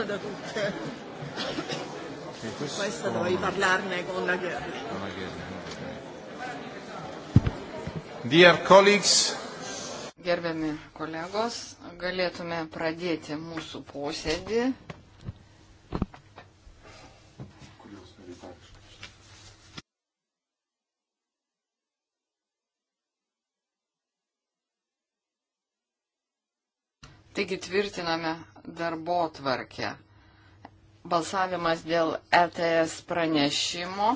fatto da tutte. E questo... Questa dovevi parlarne con la Gherli. Con la Gherli. Dear colleagues, Gerbiami kolegos, galėtume pradėti mūsų posėdį. Taigi tvirtiname darbo tvarkę. Balsavimas dėl ETS pranešimo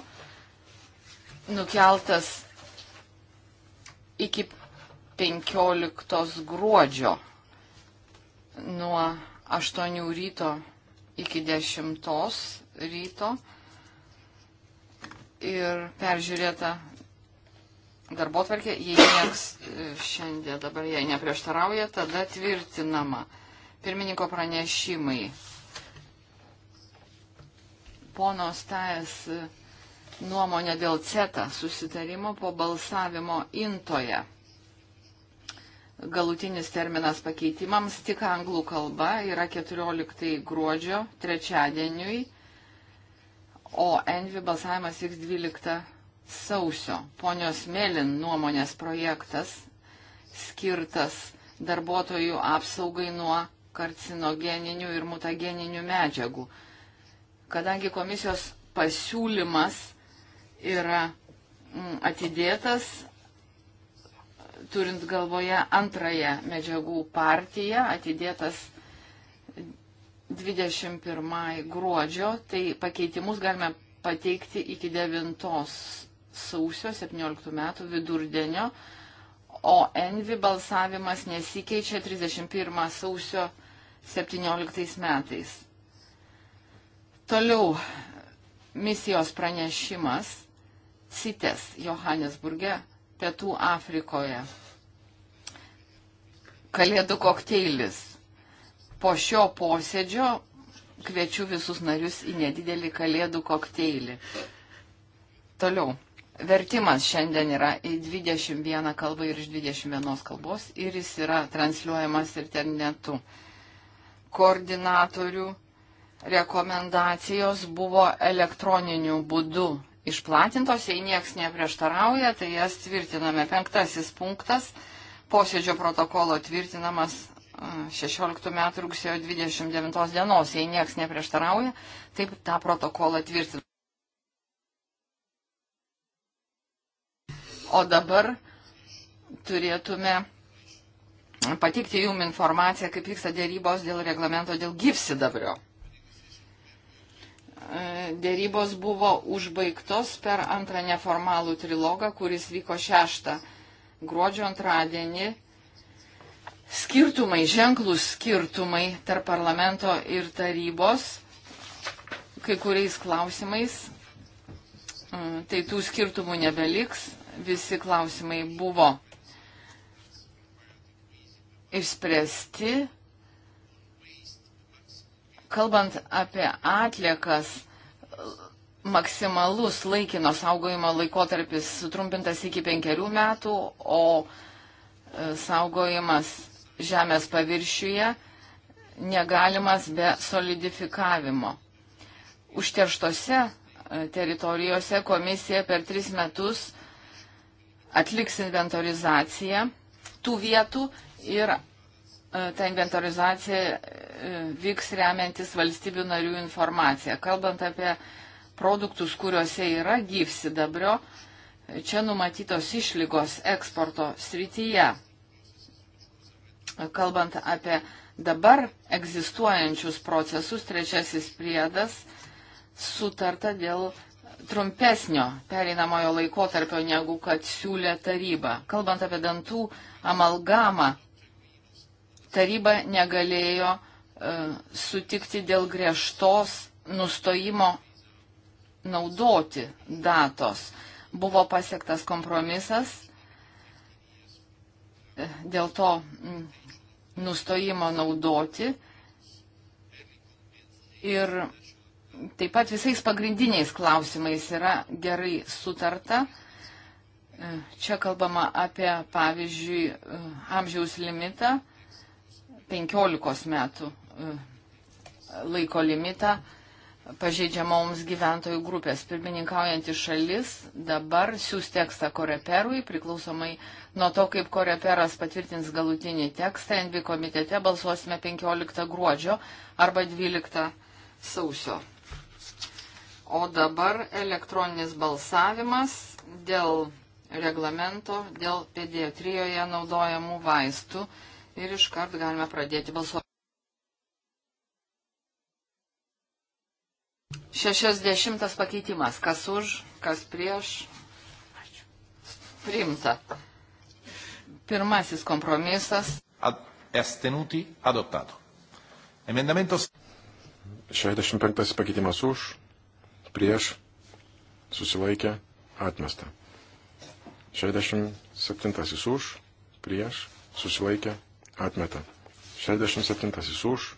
nukeltas iki 15 gruodžio nuo 8 ryto iki 10 ryto ir peržiūrėta darbo tvarkė, jei nieks e, šiandien dabar jai neprieštarauja, tada tvirtinama. Pirmininko pranešimai. Pono Stajas e, nuomonė dėl CETA susitarimo po balsavimo intoje. Galutinis terminas pakeitimams tik anglų kalba yra 14 gruodžio trečiadieniui, o Envi balsavimas vyks 12 sausio ponios Melin nuomonės projektas skirtas darbuotojų apsaugai nuo karcinogeninių ir mutageninių medžiagų. Kadangi komisijos pasiūlymas yra mm, atidėtas, turint galvoje antrąją medžiagų partiją, atidėtas 21 gruodžio, tai pakeitimus galime pateikti iki 9 sausio 17 metų vidurdienio, o Envi balsavimas nesikeičia 31 sausio 17 metais. Toliau misijos pranešimas CITES Johannesburge, Pietų Afrikoje. Kalėdų kokteilis. Po šio posėdžio kviečiu visus narius į nedidelį kalėdų kokteilį. Toliau. Vertimas šiandien yra į 21 kalbą ir iš 21 kalbos ir jis yra transliuojamas internetu. Koordinatorių rekomendacijos buvo elektroniniu būdu išplatintos, jei nieks neprieštarauja, tai jas tvirtiname. Penktasis punktas - posėdžio protokolo tvirtinamas 16 metų rugsėjo 29 dienos, jei nieks neprieštarauja, taip tą protokolą tvirtiname. o dabar turėtume patikti jum informaciją, kaip vyksta dėrybos dėl reglamento dėl gyvsidabrio. E, dėrybos buvo užbaigtos per antrą neformalų trilogą, kuris vyko 6 gruodžio antradienį. Skirtumai, ženklus skirtumai tarp parlamento ir tarybos kai kuriais klausimais. E, tai tų skirtumų nebeliks, visi klausimai buvo išspręsti. Kalbant apie atliekas, maksimalus laikino saugojimo laikotarpis sutrumpintas iki penkerių metų, o e, saugojimas žemės paviršiuje negalimas be solidifikavimo. Užterštose e, teritorijose komisija per tris metus atliks inventorizaciją tų vietų ir e, ta inventorizacija e, vyks remiantis valstybių narių informacija. Kalbant apie produktus, kuriuose yra gyvsidabrio, čia numatytos išlygos eksporto srityje. Kalbant apie dabar egzistuojančius procesus, trečiasis priedas sutarta dėl trumpesnio pereinamojo laikotarpio, negu kad siūlė taryba. Kalbant apie dantų amalgamą, taryba negalėjo uh, sutikti dėl griežtos nustojimo naudoti datos. Buvo pasiektas kompromisas e, dėl to nustojimo naudoti ir Taip pat visais pagrindiniais klausimais yra gerai sutarta. E, čia kalbama apie, pavyzdžiui, e, amžiaus limitą, 15 metų e, laiko limitą pažeidžiamoms gyventojų grupės. Pirmininkaujantis šalis dabar siūs tekstą koreperui, priklausomai nuo to, kaip koreperas patvirtins galutinį tekstą, NB komitete balsuosime 15 gruodžio arba 12 sausio. O dabar elektroninis balsavimas dėl reglamento, dėl pediatrijoje naudojamų vaistų ir iškart galime pradėti balsuoti. 60 pakeitimas. Kas už, kas prieš. Priimta. Pirmasis kompromisas. Ad, estenuti adoptado. Emendamentος. 65 pakeitimas už, prieš, susilaikė, atmesta. 67 už, prieš, susilaikė, atmeta. 67 už,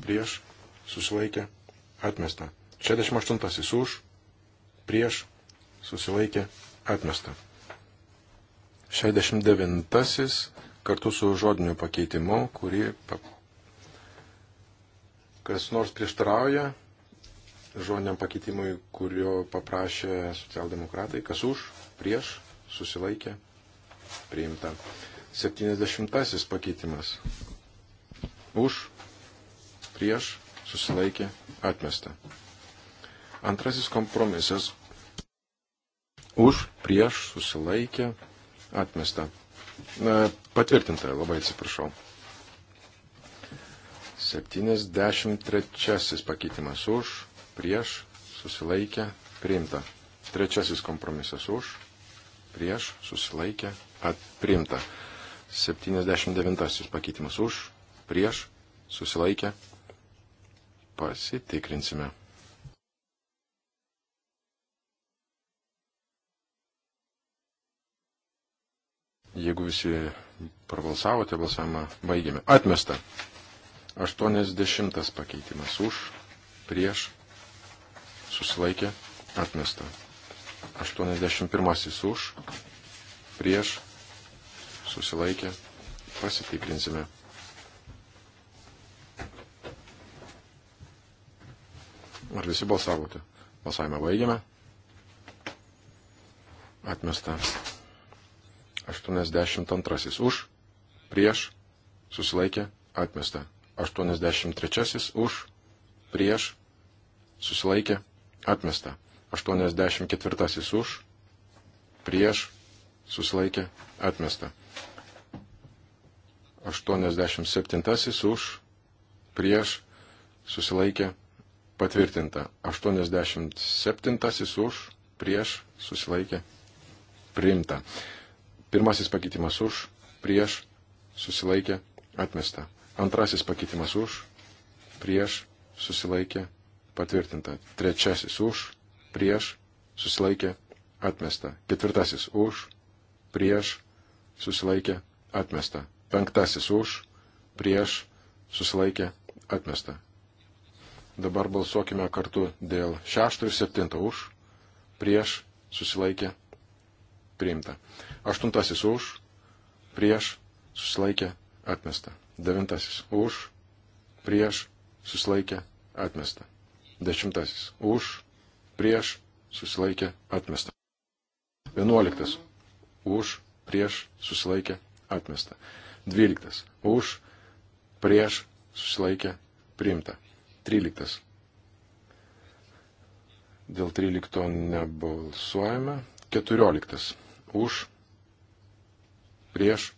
prieš, susilaikė, atmesta. 68 už, prieš, susilaikė, atmesta. 69 kartu su žodiniu pakeitimu, kurį kas nors prieštarauja, žodiniam pakeitimui, kurio paprašė socialdemokratai. Kas už, prieš, susilaikė, priimta. 70 pakeitimas. Už, prieš, susilaikė, atmesta. Antrasis kompromisas. Už, prieš, susilaikė, atmesta. Na, patvirtinta, labai atsiprašau. 73 pakeitimas už, prieš, susilaikė, priimta. Trečiasis kompromisas už, prieš, susilaikė, priimta. 79 pakeitimas už, prieš, susilaikė, pasitikrinsime. Jeigu visi prabalsavote, balsavimą baigėme. Atmesta. 80 pakeitimas už, prieš, susilaikė, atmesta. 81 už, prieš, susilaikė, pasitikrinsime. Ar visi balsavote? Balsavimą baigiame. Atmesta. 82 už, prieš, susilaikė, atmesta. 83 už, prieš, susilaikė, Atmesta. 84 už, prieš, susilaikė, atmesta. 87 už, prieš, susilaikė, patvirtinta. 87 už, prieš, susilaikė, priimta. Pirmasis pakeitimas už, prieš, susilaikė, atmesta. Antrasis pakeitimas už, prieš, susilaikė, atmesta patvirtinta. Trečiasis už, prieš, susilaikė, atmesta. Ketvirtasis už, prieš, susilaikė, atmesta. Penktasis už, prieš, susilaikė, atmesta. Dabar balsuokime kartu dėl šešto ir septinto už, prieš, susilaikė, priimta. Aštuntasis už, prieš, susilaikė, atmesta. Devintasis už, prieš, susilaikė, atmesta. Dešimtasis. Už, prieš, susilaikė, atmesta. Vienuoliktas. Už, prieš, susilaikė, atmesta. Dvyliktas. Už, prieš, susilaikė, priimta. Tryliktas. Dėl trylikto nebalsuojame. Keturioliktas. Už, prieš,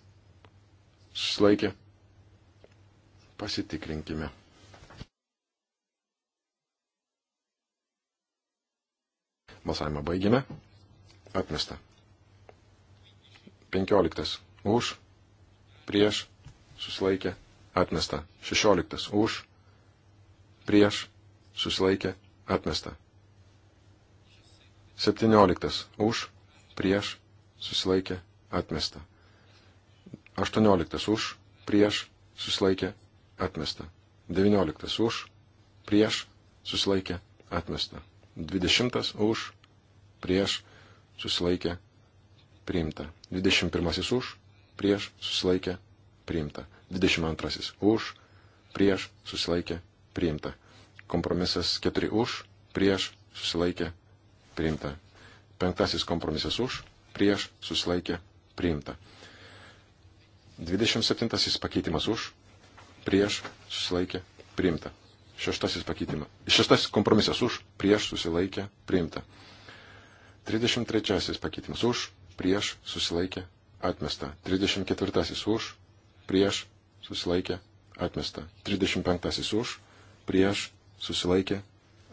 susilaikė, pasitikrinkime. Balsavimą baigėme. Atmesta. 15. Už. Prieš. Susilaikė. Atmesta. 16. Už. Prieš. Susilaikė. Atmesta. 17. Už. Prieš. Susilaikė. Atmesta. 18. Už. Prieš. Susilaikė. Atmesta. 19. Už. Prieš. Susilaikė. Atmesta. 20 už, prieš, susilaikė, priimta. 21 už, prieš, susilaikė, priimta. 22 už, prieš, susilaikė, priimta. Kompromisas 4 už, prieš, susilaikė, priimta. Penktasis kompromisas už, prieš, susilaikė, priimta. 27 pakeitimas už, prieš, susilaikė, priimta. Šeštasis pakeitimas. Šeštasis kompromisas už, prieš susilaikė, priimta. 33 pakeitimas už, prieš susilaikė, atmesta. 34 už, prieš susilaikė, atmesta. 35 už, prieš susilaikė,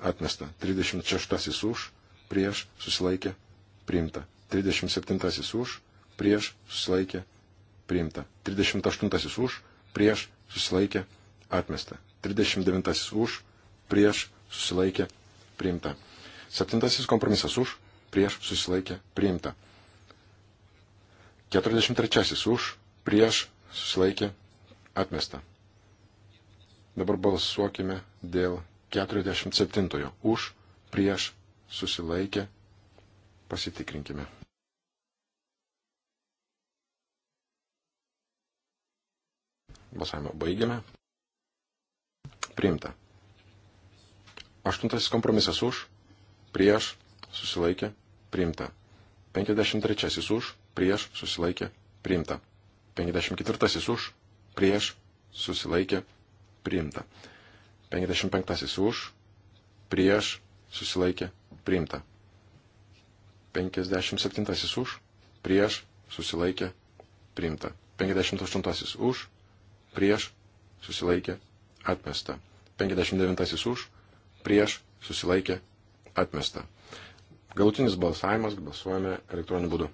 atmesta. 36 už, prieš susilaikė, priimta. 37 už, prieš susilaikė, priimta. 38 už, prieš susilaikė, atmesta. 39 už, prieš, susilaikė, priimta. 7 kompromisas už, prieš, susilaikė, priimta. 43 už, prieš, susilaikė, atmesta. Dabar balsuokime dėl 47 už, prieš, susilaikė, pasitikrinkime. Balsavimą baigiame. Priimta. Aštuntasis kompromisas už, prieš, susilaikė, priimta. 53 už, prieš, susilaikė, priimta. 54 už, prieš, susilaikė, priimta. 55 už, prieš, susilaikė, priimta. 57 už, prieš, susilaikė, priimta. 58 už, prieš, susilaikė, atmesta. 59 už, prieš, susilaikė, atmesta. Galutinis balsavimas balsuojame elektroniniu būdu.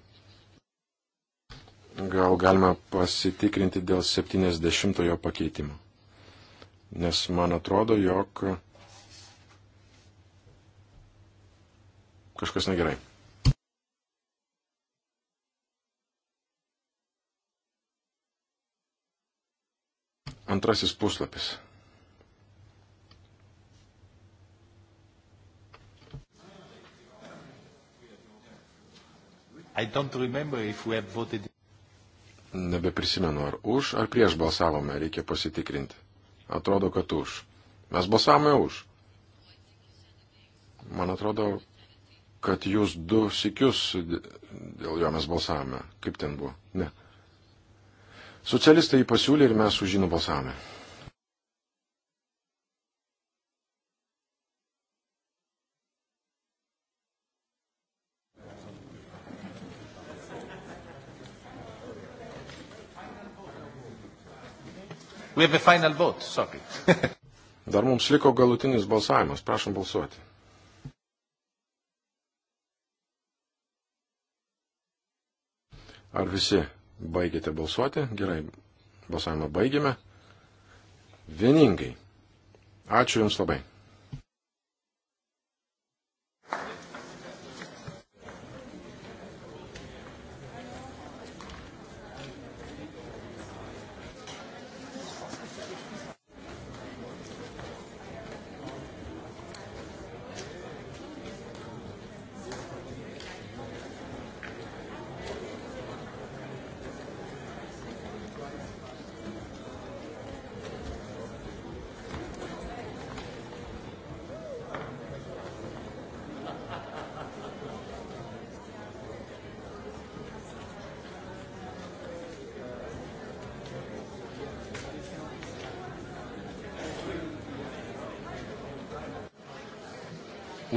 Gal galima pasitikrinti dėl 70 pakeitimo. Nes man atrodo, jog kažkas negerai. Antrasis puslapis. Voted... Nebeprisimenu, ar už ar prieš balsavome, reikia pasitikrinti. Atrodo, kad už. Mes balsavome už. Man atrodo, kad jūs du sikius dėl jo mes balsavome. Kaip ten buvo? Ne. Socialistai jį pasiūlė ir mes už jį nubalsavome. We have a final vote, sorry. Dar mums liko galutinis balsavimas, prašom balsuoti. Ar visi baigėte balsuoti? Gerai, balsavimą baigėme. Vieningai. Ačiū Jums labai.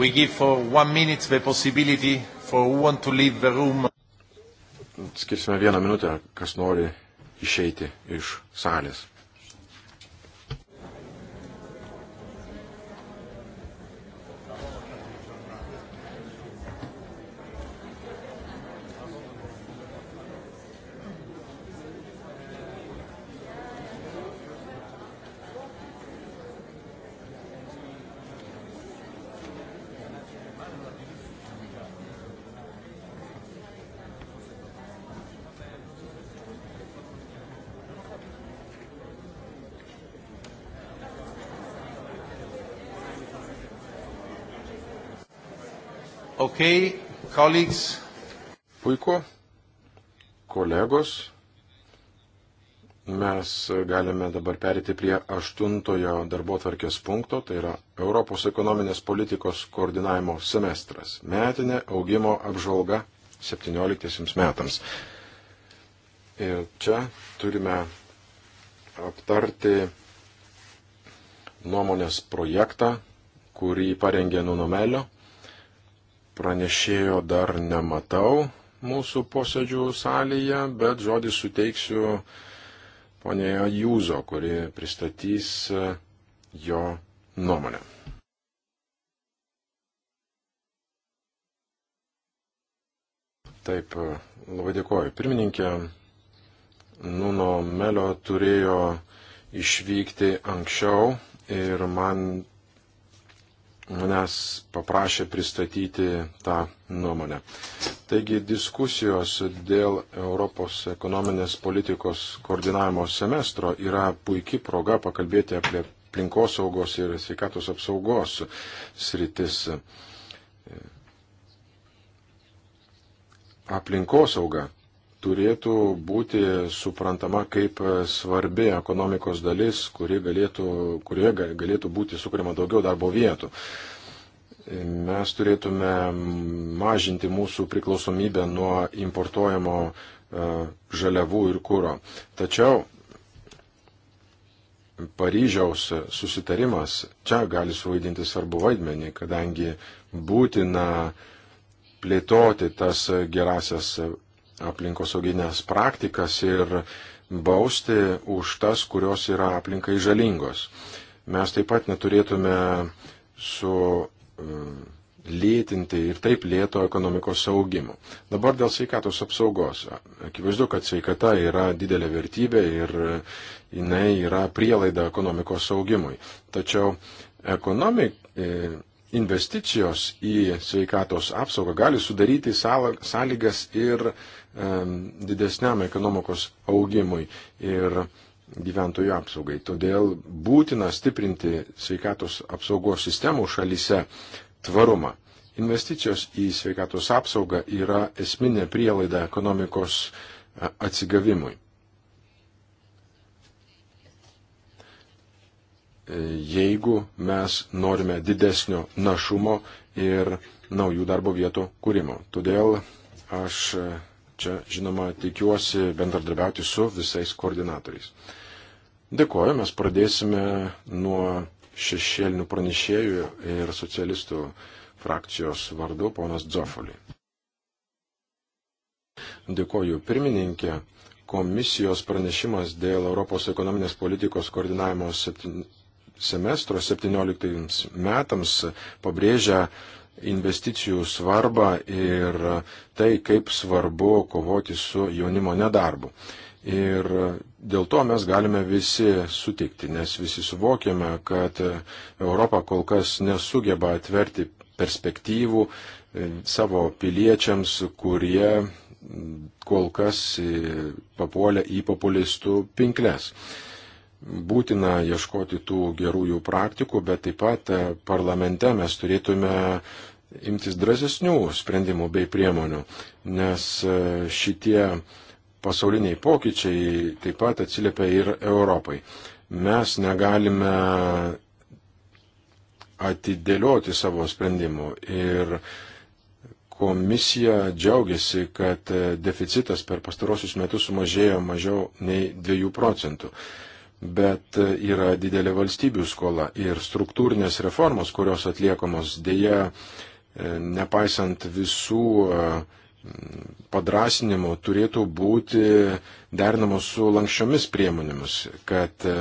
We give for one minute the possibility for who want to leave the room. Skirsime vieną minutę, kas nori išeiti iš salės. Colleagues. Puiku, kolegos, mes galime dabar perėti prie aštuntojo darbo tvarkės punkto, tai yra Europos ekonominės politikos koordinavimo semestras, metinė augimo apžvalga 17 metams. Ir čia turime aptarti nuomonės projektą, kurį parengė Nunomelio. Nu Pranešėjo dar nematau mūsų posėdžių salėje, bet žodį suteiksiu ponėje Jūzo, kuri pristatys e, jo nuomonę. Taip, e, labai dėkoju. Pirmininkė Nuno Melio turėjo išvykti anksčiau ir man manęs paprašė pristatyti tą nuomonę. Taigi diskusijos dėl Europos ekonominės politikos koordinavimo semestro yra puikia proga pakalbėti apie aplinkosaugos ir sveikatos apsaugos sritis. Aplinkosauga turėtų būti suprantama kaip svarbi ekonomikos dalis, kuri galėtų, kurioje galėtų būti sukūrima daugiau darbo vietų. Mes turėtume mažinti mūsų priklausomybę nuo importuojamo e, žaliavų ir kūro. Tačiau Paryžiaus susitarimas čia gali suvaidinti svarbu vaidmenį, kadangi būtina plėtoti tas gerasias aplinkosauginės praktikas ir bausti už tas, kurios yra aplinkai žalingos. Mes taip pat neturėtume su um, lėtinti ir taip lėto ekonomikos augimu. Dabar dėl sveikatos apsaugos. Akivaizdu, kad sveikata yra didelė vertybė ir jinai yra prielaida ekonomikos augimui. Tačiau ekonomik, e, investicijos į sveikatos apsaugą gali sudaryti sąlygas ir didesniam ekonomikos augimui ir gyventojų apsaugai. Todėl būtina stiprinti sveikatos apsaugos sistemų šalyse tvarumą. Investicijos į sveikatos apsaugą yra esminė prielaida ekonomikos e, atsigavimui. E, jeigu mes norime didesnio našumo ir naujų darbo vietų kūrimo. Todėl aš e, Čia, žinoma, tikiuosi bendradarbiauti su visais koordinatoriais. Dėkuoju, mes pradėsime nuo šešėlinių pranešėjų ir socialistų frakcijos vardu ponas Dzofoli. Dėkuoju pirmininkė. Komisijos pranešimas dėl Europos ekonominės politikos koordinavimo septin... semestro 17 metams pabrėžia investicijų svarbą ir tai, kaip svarbu kovoti su jaunimo nedarbu. Ir dėl to mes galime visi sutikti, nes visi suvokiame, kad Europa kol kas nesugeba atverti perspektyvų e, savo piliečiams, kurie kol kas e, papuolė į populistų pinkles. Būtina ieškoti tų gerųjų praktikų, bet taip pat e, parlamente mes turėtume imtis drąsesnių sprendimų bei priemonių, nes e, šitie pasauliniai pokyčiai taip pat atsiliepia ir Europai. Mes negalime atidėlioti savo sprendimų ir komisija džiaugiasi, kad deficitas per pastarosius metus sumažėjo mažiau nei 2 procentų bet yra didelė valstybių skola ir struktūrinės reformos, kurios atliekamos dėja E, nepaisant visų e, padrasinimų, turėtų būti derinamos su lankščiomis priemonėmis, kad e,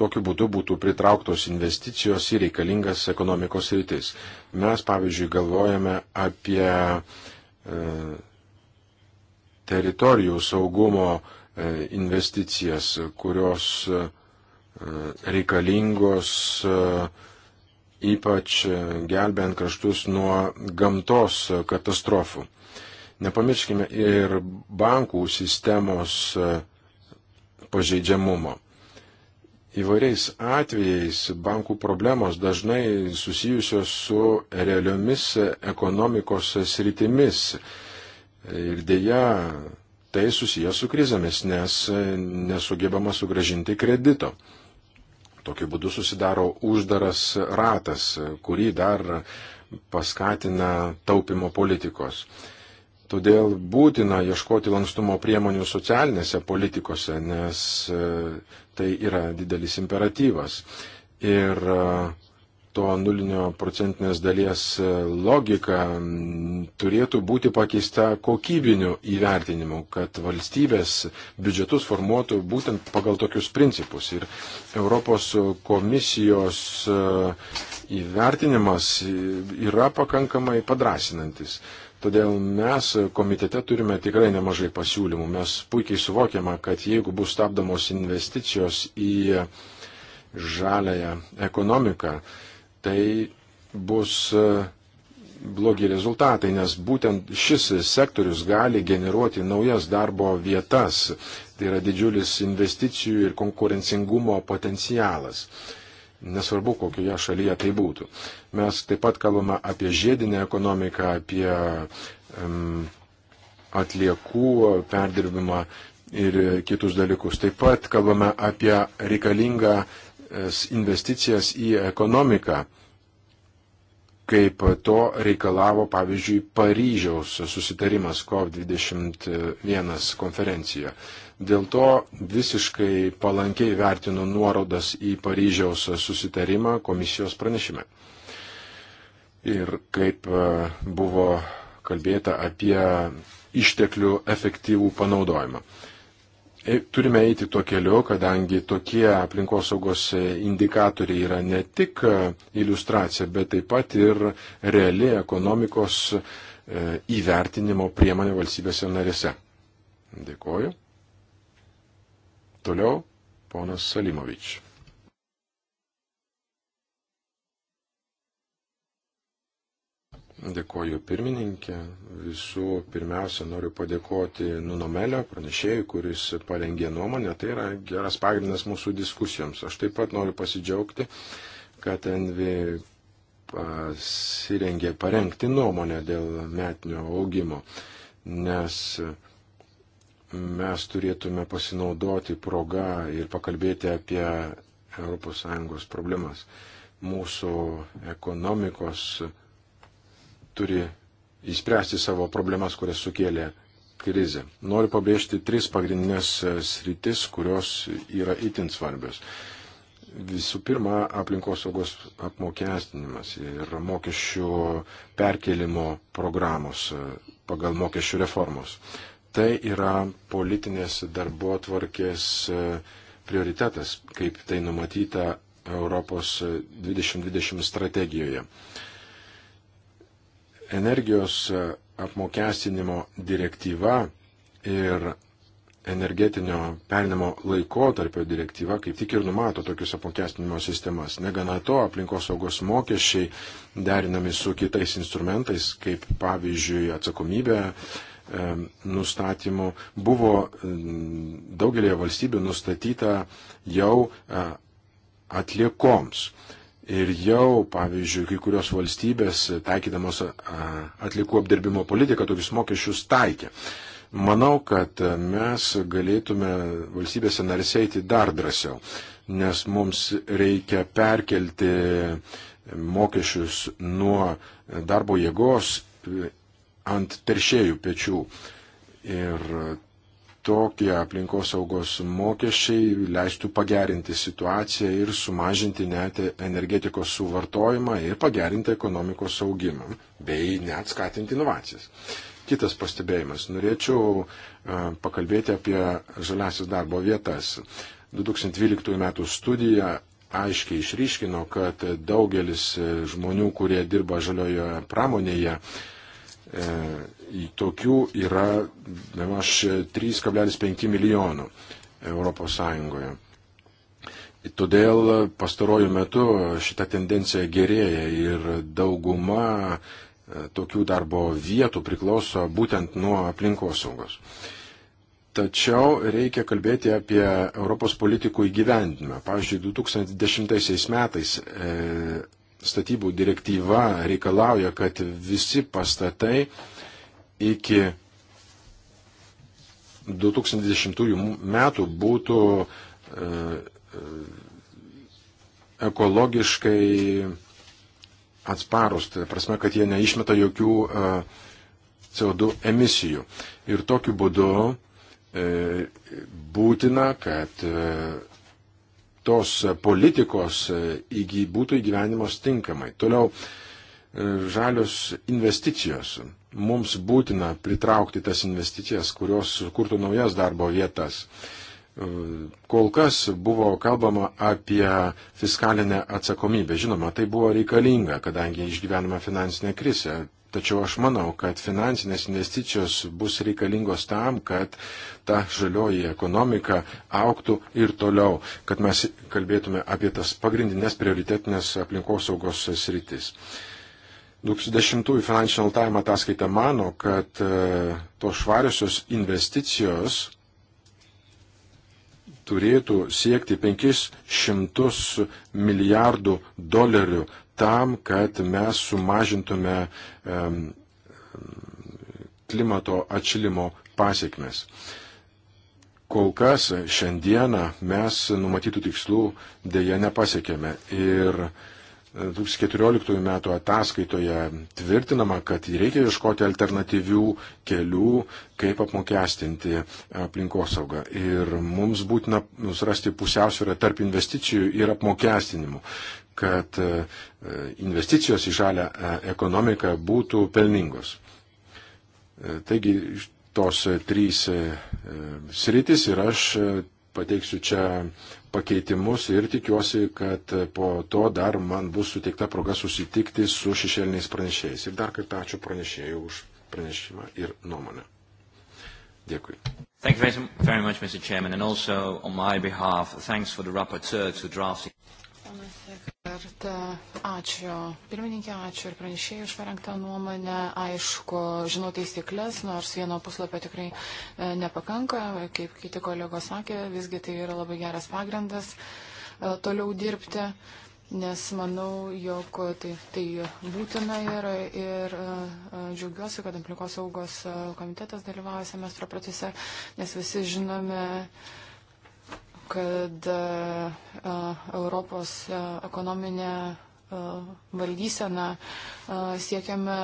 tokiu būdu būtų pritrauktos investicijos į reikalingas ekonomikos rytis. Mes, pavyzdžiui, galvojame apie teritorijų saugumo investicijas, kurios reikalingos uh, ypač gelbėjant kraštus nuo gamtos katastrofų. Nepamirškime ir bankų sistemos pažeidžiamumo. Įvairiais atvejais bankų problemos dažnai susijusios su realiomis ekonomikos sritimis. Ir dėja, tai susijęs su krizėmis, nes nesugebama sugražinti kredito. Tokiu būdu susidaro uždaras ratas, kurį dar paskatina taupimo politikos. Todėl būtina ieškoti lankstumo priemonių socialinėse politikose, nes e, tai yra didelis imperatyvas. Ir e, to nulinio procentinės dalies e, logika turėtų būti pakeista kokybiniu įvertinimu, kad valstybės biudžetus formuotų būtent pagal tokius principus. Ir Europos komisijos e, įvertinimas yra pakankamai padrasinantis. Todėl mes komitete turime tikrai nemažai pasiūlymų. Mes puikiai suvokiame, kad jeigu bus stabdomos investicijos į žalėją ekonomiką, tai bus e, blogi rezultatai, nes būtent šis sektorius gali generuoti naujas darbo vietas. Tai yra didžiulis investicijų ir konkurencingumo potencialas. Nesvarbu, kokioje šalyje tai būtų. Mes taip pat kalbame apie žiedinę ekonomiką, apie um, atliekų perdirbimą ir kitus dalykus. Taip pat kalbame apie reikalingą investicijas į ekonomiką, kaip to reikalavo, pavyzdžiui, Paryžiaus susitarimas COP21 konferencijoje. Dėl to visiškai palankiai vertinu nuorodas į Paryžiaus susitarimą komisijos pranešime. Ir kaip e, buvo kalbėta apie išteklių efektyvų panaudojimą. E, turime eiti tuo keliu, kadangi tokie aplinkosaugos indikatoriai yra ne tik e, iliustracija, bet taip pat ir reali ekonomikos e, įvertinimo priemonė valstybėse narėse. Dėkoju. Toliau ponas Salimovičius. Dėkoju pirmininkė. Visų pirmiausia, noriu padėkoti Nunomelio pranešėjui, kuris parengė nuomonę. Tai yra geras pagrindas mūsų diskusijoms. Aš taip pat noriu pasidžiaugti, kad NV pasirengė parengti nuomonę dėl metinio augimo, nes mes turėtume pasinaudoti progą ir pakalbėti apie ES problemas. Mūsų ekonomikos turi įspręsti savo problemas, kurias sukėlė krizė. Noriu pabrėžti tris pagrindinės e, sritis, kurios yra itin svarbios. Visų pirma, aplinkosaugos apmokestinimas ir mokesčių perkelimo programos e, pagal mokesčių reformos. Tai yra politinės darbo tvarkės e, prioritetas, kaip tai numatyta Europos 2020 strategijoje. Energijos apmokestinimo direktyva ir energetinio perinimo laikotarpio direktyva kaip tik ir numato tokius apmokestinimo sistemas. Negana to, aplinkosaugos mokesčiai derinami su kitais instrumentais, kaip pavyzdžiui atsakomybė e, nustatymų, buvo daugelėje valstybių nustatyta jau e, atliekoms. Ir jau, pavyzdžiui, kai kurios valstybės, taikydamos atlikų apdirbimo politiką, tokius mokesčius taikė. Manau, kad mes galėtume valstybėse narseiti dar drąsiau, nes mums reikia perkelti mokesčius nuo darbo jėgos ant teršėjų pečių. Ir tokie aplinkosaugos mokesčiai leistų pagerinti situaciją ir sumažinti net energetikos suvartojimą ir pagerinti ekonomikos augimą, bei net skatinti inovacijas. Kitas pastebėjimas. Norėčiau e, pakalbėti apie žaliasis darbo vietas. 2012 m. studija aiškiai išryškino, kad daugelis žmonių, kurie dirba žaliojoje pramonėje, E, tokių yra bemaž 3,5 milijonų ES. Todėl pastaruoju metu šita tendencija gerėja ir dauguma e, tokių darbo vietų priklauso būtent nuo aplinkosaugos. Tačiau reikia kalbėti apie Europos politikų įgyvendinimą. Pavyzdžiui, 2010 metais e, statybų direktyva reikalauja, kad visi pastatai iki 2010 metų būtų e, e, ekologiškai atsparus, tai prasme, kad jie neišmeta jokių e, CO2 emisijų. Ir tokiu būdu būtina, kad tos politikos e, įgy, būtų įgyvenimas tinkamai. Toliau e, žalios investicijos. Mums būtina pritraukti tas investicijas, kurios sukurtų naujas darbo vietas kol kas buvo kalbama apie fiskalinę atsakomybę. Žinoma, tai buvo reikalinga, kadangi išgyvename finansinę krizę. Tačiau aš manau, kad finansinės investicijos bus reikalingos tam, kad ta žalioji ekonomika auktų ir toliau, kad mes kalbėtume apie tas pagrindinės prioritetinės aplinkosaugos sritis. 2010 Financial Time ataskaita mano, kad e, tos švariosios investicijos turėtų siekti 500 milijardų dolerių tam, kad mes sumažintume klimato atšilimo pasiekmes. Kol kas šiandieną mes numatytų tikslų dėja nepasiekėme ir 2014 metų ataskaitoje tvirtinama, kad reikia ieškoti alternatyvių kelių, kaip apmokestinti aplinkosaugą. Ir mums būtina surasti pusiausvyrą tarp investicijų ir apmokestinimų, kad e, investicijos į žalę e, ekonomiką būtų pelningos. E, taigi tos trys sritis ir aš pateiksiu čia pakeitimus ir tikiuosi, kad po to dar man bus suteikta proga susitikti su šešėliniais pranešėjais. Ir dar kartą ačiū pranešėjai už pranešimą ir nuomonę. Dėkui. Thank you very much, Mr. Chairman, and also on my behalf, thanks for the rapporteur to drafting kartą ačiū pirmininkė, ačiū ir pranešėjai už parengtą nuomonę. Aišku, žinau taisyklės, nors vieno puslapio tikrai e, nepakanka, kaip kiti kolegos sakė, visgi tai yra labai geras pagrindas e, toliau dirbti nes manau, jog tai, tai būtina yra ir e, džiaugiuosi, kad aplinkos saugos komitetas dalyvauja semestro procese, nes visi žinome, kad e, e, Europos e, ekonominė valdyseną siekiame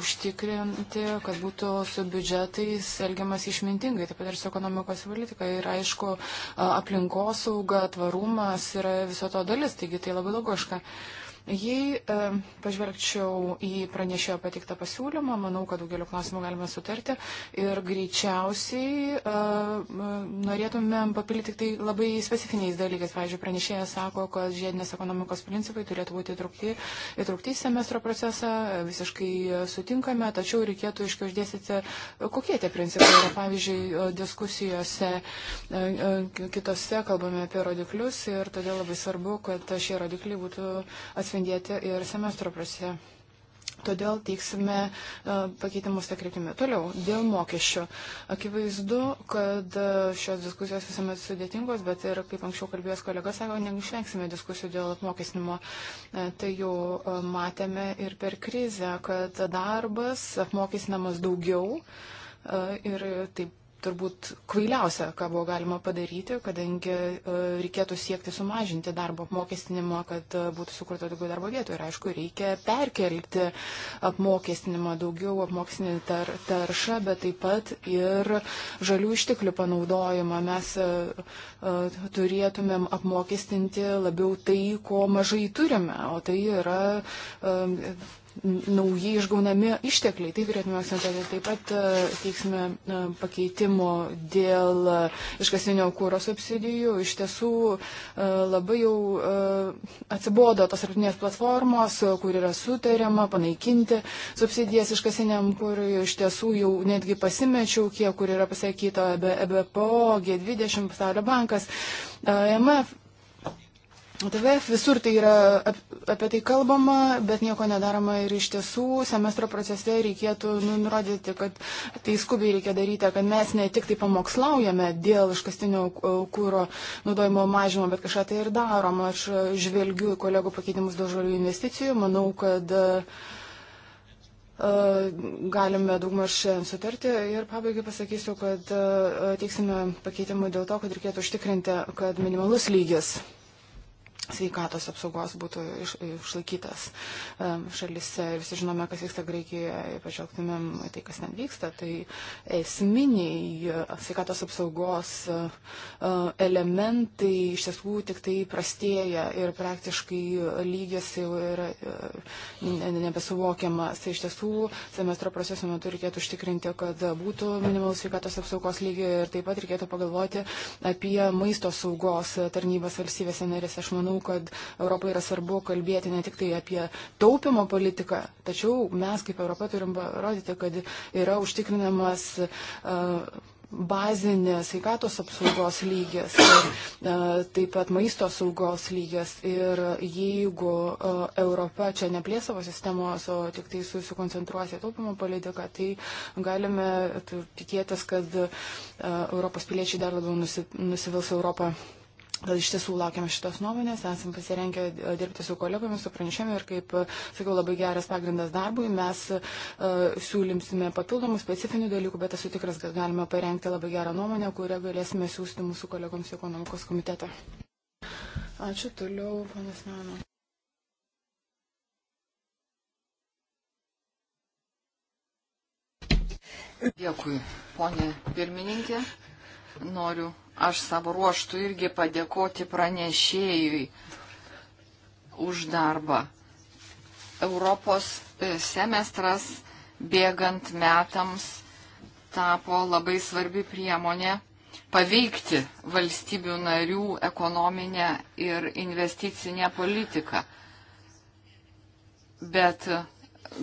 užtikrinti, kad būtų su biudžetais elgiamas išmintingai, taip pat ir su ekonomikos politika. Ir aišku, aplinkosauga, tvarumas yra viso to dalis, taigi tai labai logiška. Uh, Jei e, pažvelgčiau į pranešėjo patiktą pasiūlymą, manau, kad daugeliu klausimų galime sutarti ir greičiausiai e, e norėtumėm papildyti tik tai labai specifiniais dalykais. Pavyzdžiui, pranešėjas sako, kad žiedinės ekonomikos principai turėtų būti įtraukti, įtraukti į semestro procesą, visiškai sutinkame, tačiau reikėtų iškiai uždėstyti, kokie tie principai yra. Pavyzdžiui, e, diskusijose e, kitose kalbame apie rodiklius ir todėl labai svarbu, kad šie rodikliai būtų atspindėti atsispindėti ir semestro prasė. Todėl teiksime e, pakeitimus tą kryptimį. Toliau, dėl mokesčių. Akivaizdu, kad e, šios diskusijos visuomet sudėtingos, bet ir, kaip anksčiau kalbėjęs kolega sako, neišvengsime diskusijų dėl apmokestinimo. E, tai jau matėme ir per krizę, kad darbas apmokestinamas daugiau ir taip turbūt kvailiausia, ką buvo galima padaryti, kadangi e, reikėtų siekti sumažinti darbo apmokestinimą, kad e, būtų sukurta daugiau darbo vietų. Ir aišku, reikia perkelti apmokestinimą, daugiau apmokestinį tar, taršą, bet taip pat ir žalių išteklių panaudojimą. Mes e, turėtumėm apmokestinti labiau tai, ko mažai turime, o tai yra nauji išgaunami ištekliai. Tai turėtume akcentuoti. Taip pat e, teiksime e, pakeitimo dėl e, iškasinio kūro subsidijų. Iš tiesų labai jau atsibodo tos arpinės platformos, kur yra sutariama panaikinti subsidijas iškasiniam kūrui. Iš tiesų jau netgi pasimečiau, kiek kur yra pasakyta BPO, G20, Pasaulio bankas, MF TVF visur tai yra apie tai kalbama, bet nieko nedaroma ir iš tiesų semestro procese reikėtų nu, nurodyti, kad tai skubiai reikia daryti, kad mes ne tik tai pamokslaujame dėl iškastinio kūro naudojimo mažimo, bet kažką tai ir darom. Aš žvelgiu į kolegų pakeitimus dėl žalių investicijų, manau, kad e, galime daugmaž sutarti ir pabaigai pasakysiu, kad e, teiksime pakeitimų dėl to, kad reikėtų užtikrinti, kad minimalus lygis sveikatos apsaugos būtų iš, išlaikytas um, šalise. Ir visi žinome, kas vyksta Graikijoje, pažvelgtumėm tai, kas ten vyksta. Tai esminiai uh, sveikatos apsaugos uh, uh, elementai iš tiesų tik tai prastėja ir praktiškai lygis jau yra nebesuvokiamas. Tai iš tiesų semestro proceso metu reikėtų užtikrinti, kad būtų minimalus sveikatos apsaugos lygiai ir taip pat reikėtų pagalvoti apie maisto saugos tarnybas valstybėse narėse. Aš manau, manau, kad Europai yra svarbu kalbėti ne tik tai apie taupimo politiką, tačiau mes kaip Europa turim parodyti, kad yra užtikrinamas. Uh, e, bazinė sveikatos apsaugos lygis, e, taip pat maisto saugos lygis. Ir jeigu e, Europa čia neplės savo sistemos, o tik tai susikoncentruos į taupimo politiką, tai galime tikėtis, kad Europos piliečiai dar labiau nusivils Europą. Gal iš tiesų laukiame šitos nuomonės, esam pasirengę dirbti su kolegomis, su pranešėmi ir, kaip e, sakiau, labai geras pagrindas darbui. Mes uh, e, siūlimsime papildomų specifinių dalykų, bet esu tikras, kad galime parengti labai gerą nuomonę, kurią galėsime siūsti mūsų kolegoms į ekonomikos komitetą. Ačiū toliau, panas Mano. Dėkui, ponė pirmininkė. Noriu aš savo ruoštų irgi padėkoti pranešėjui už darbą. Europos e, semestras bėgant metams tapo labai svarbi priemonė paveikti valstybių narių ekonominę ir investicinę politiką. Bet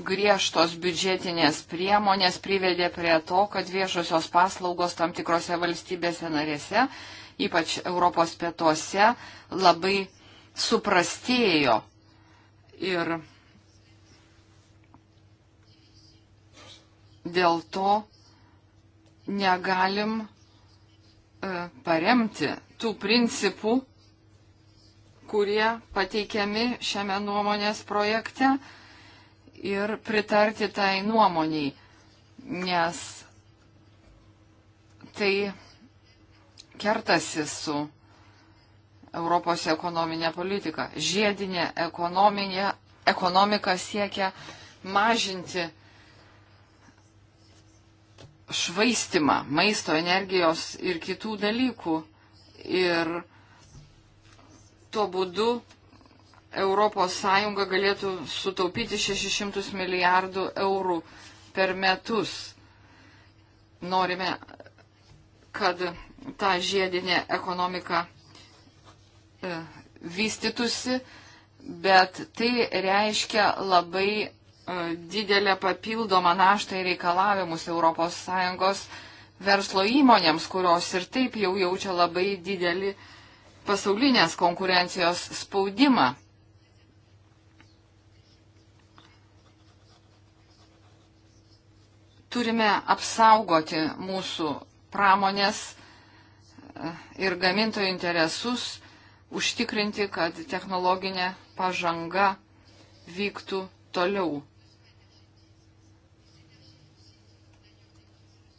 griežtos biudžetinės priemonės privedė prie to, kad viešosios paslaugos tam tikrose valstybėse narėse, ypač Europos pietuose, labai suprastėjo. Ir dėl to negalim e, paremti tų principų, kurie pateikiami šiame nuomonės projekte ir pritarti tai nuomoniai, nes tai kertasi su Europos ekonominė politika. Žiedinė ekonomika siekia mažinti švaistimą maisto, energijos ir kitų dalykų. Ir tuo būdu ES galėtų sutaupyti 600 milijardų eurų per metus. Norime, kad ta žiedinė ekonomika e, vystytųsi, bet tai reiškia labai e, didelę papildomą naštą ir reikalavimus ES verslo įmonėms, kurios ir taip jau jaučia labai didelį pasaulinės konkurencijos spaudimą. Turime apsaugoti mūsų pramonės e, ir gamintojų interesus, užtikrinti, kad technologinė pažanga vyktų toliau.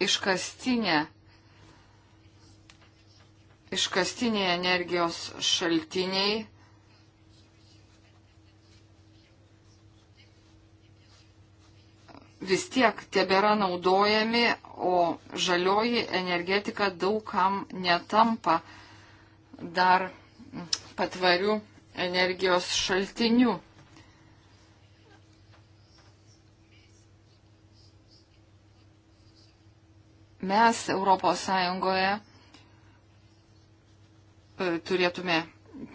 Iškastinė, iškastinė energijos šaltiniai vis tiek tebėra naudojami, o žalioji energetika daugam netampa dar patvarių energijos šaltinių. Mes ES e, turėtume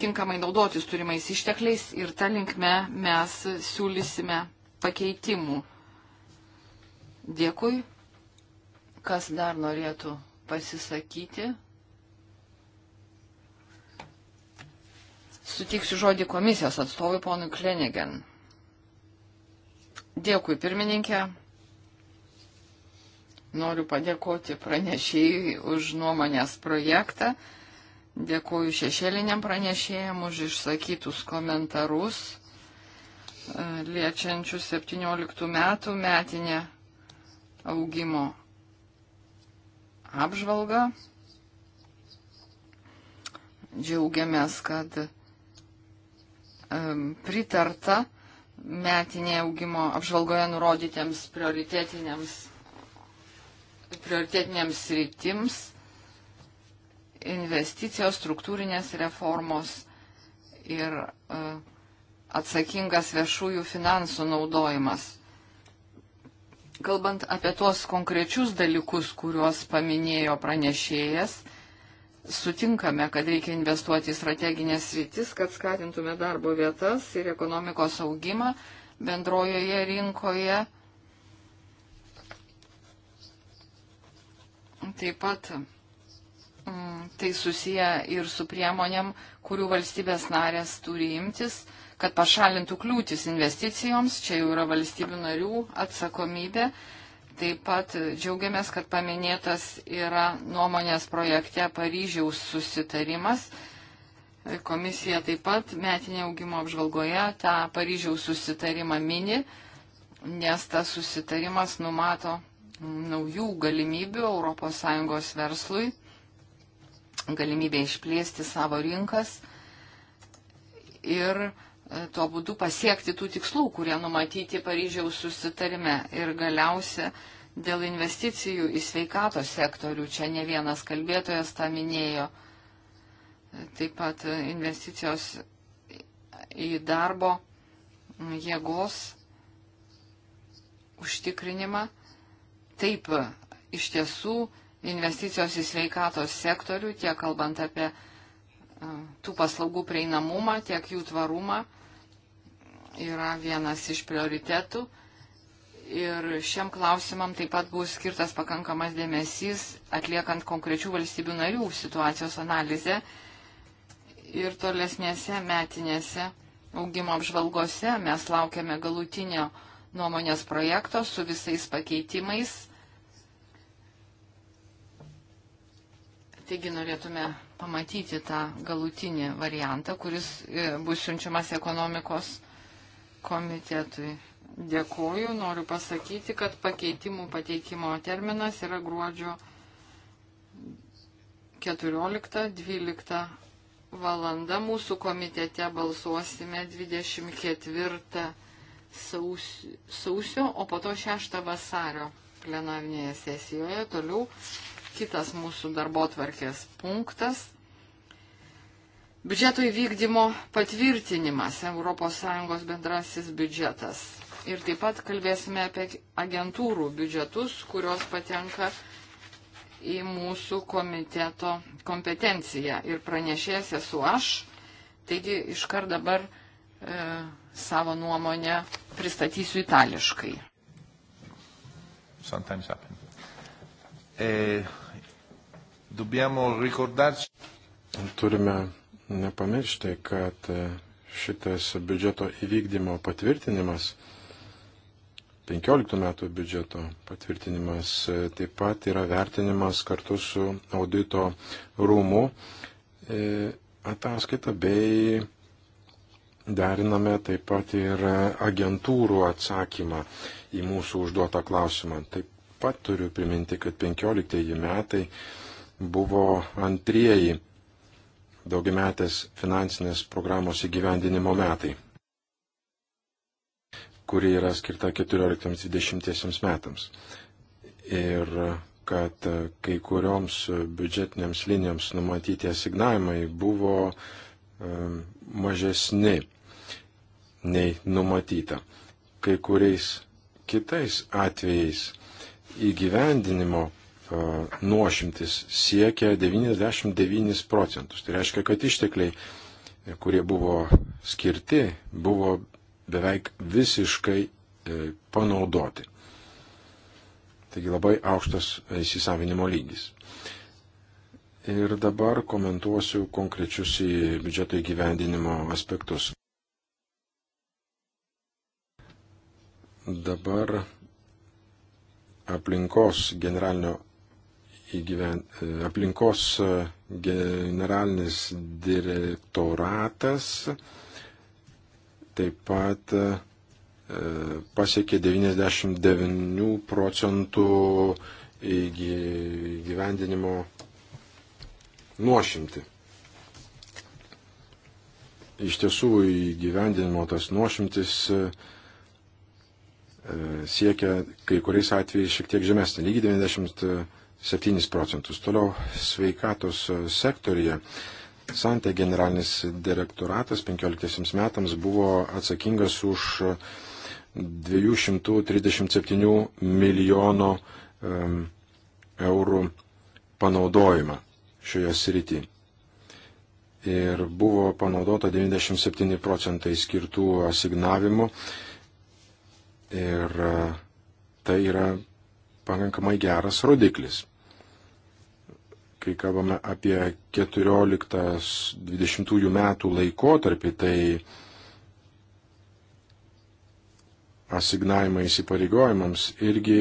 tinkamai naudotis turimais ištekliais ir tą linkme mes siūlysime pakeitimų. Dėkui. Kas dar norėtų pasisakyti? Sutiksiu žodį komisijos atstovui ponui Klenigen. Dėkui, pirmininkė. Noriu padėkoti pranešėjui už nuomonės projektą. Dėkuoju šešėliniam pranešėjam už išsakytus komentarus e, liečiančius 17 metų metinę augimo apžvalgą. Džiaugiamės, kad pritarta metinėje augimo apžvalgoje nurodytiems prioritetiniams, prioritetiniams rytims investicijos, struktūrinės reformos ir e, atsakingas viešųjų finansų naudojimas. Kalbant apie tuos konkrečius dalykus, kuriuos paminėjo pranešėjas, sutinkame, kad reikia investuoti į strateginės rytis, kad skatintume darbo vietas ir ekonomikos augimą bendrojoje rinkoje. Taip pat mm, tai susiję ir su priemonėm, kurių valstybės narės turi imtis kad pašalintų kliūtis investicijoms, čia jau yra valstybių narių atsakomybė. Taip pat džiaugiamės, kad paminėtas yra nuomonės projekte Paryžiaus susitarimas. Komisija taip pat metinė augimo apžvalgoje tą Paryžiaus susitarimą mini, nes tas susitarimas numato naujų galimybių ES verslui, galimybę išplėsti savo rinkas ir tuo būdu pasiekti tų tikslų, kurie numatyti Paryžiaus susitarime. Ir galiausia, dėl investicijų į sveikatos sektorių, čia ne vienas kalbėtojas tą minėjo, taip pat investicijos į darbo jėgos užtikrinimą. Taip, iš tiesų, investicijos į sveikatos sektorių, tiek kalbant apie e, tų paslaugų prieinamumą, tiek jų tvarumą, yra vienas iš prioritetų. Ir šiam klausimam taip pat bus skirtas pakankamas dėmesys atliekant konkrečių valstybių narių situacijos analizę ir tolesnėse metinėse augimo apžvalgose mes laukiame galutinio nuomonės projekto su visais pakeitimais. Taigi norėtume pamatyti tą galutinį variantą, kuris e, bus siunčiamas ekonomikos komitetui. Dėkoju, noriu pasakyti, kad pakeitimų pateikimo terminas yra gruodžio 14-12 valanda. Mūsų komitete balsuosime 24 sausio, o po to 6 vasario plenarnėje sesijoje. Toliau kitas mūsų darbo tvarkės punktas Biudžeto įvykdymo patvirtinimas, ES bendrasis biudžetas. Ir taip pat kalbėsime apie agentūrų biudžetus, kurios patenka į mūsų komiteto kompetenciją. Ir pranešėjęs esu aš, taigi iškart dabar e, savo nuomonę pristatysiu itališkai. Sometimes happen. E, dobbiamo ricordarci. Turime nepamiršti, kad e, šitas biudžeto įvykdymo patvirtinimas, 15 metų biudžeto patvirtinimas e, taip pat yra vertinimas kartu su audito rūmu e, ataskaita bei deriname taip pat ir agentūrų atsakymą į mūsų užduotą klausimą. Taip pat turiu priminti, kad 15 metai buvo antrieji daugiametės finansinės programos įgyvendinimo metai, kuri yra skirta 14-20 metams. Ir kad kai kurioms biudžetiniams linijoms numatyti asignavimai buvo mažesni nei numatyta. Kai kuriais kitais atvejais įgyvendinimo E, nuošimtis siekia 99 procentus. Tai reiškia, kad ištekliai, e, kurie buvo skirti, buvo beveik visiškai e, panaudoti. Taigi labai aukštas įsisavinimo lygis. Ir dabar komentuosiu konkrečius į biudžeto įgyvendinimo aspektus. Dabar aplinkos generalinio įgyven, e, aplinkos e, generalinis direktoratas taip pat e, pasiekė 99 procentų įgyvendinimo nuošimti. Iš tiesų įgyvendinimo tas nuošimtis siekia kai kuriais atvejais šiek tiek žemesnį lygį 90 7 procentus. Toliau sveikatos sektorija. Santė generalinis direktoratas 15 metams buvo atsakingas už 237 milijono um, eurų panaudojimą šioje srity. Ir buvo panaudota 97 procentai skirtų asignavimų. Ir e, tai yra pakankamai geras rodiklis kai kalbame apie 14-20 metų laikotarpį, tai asignavimai įsipareigojimams irgi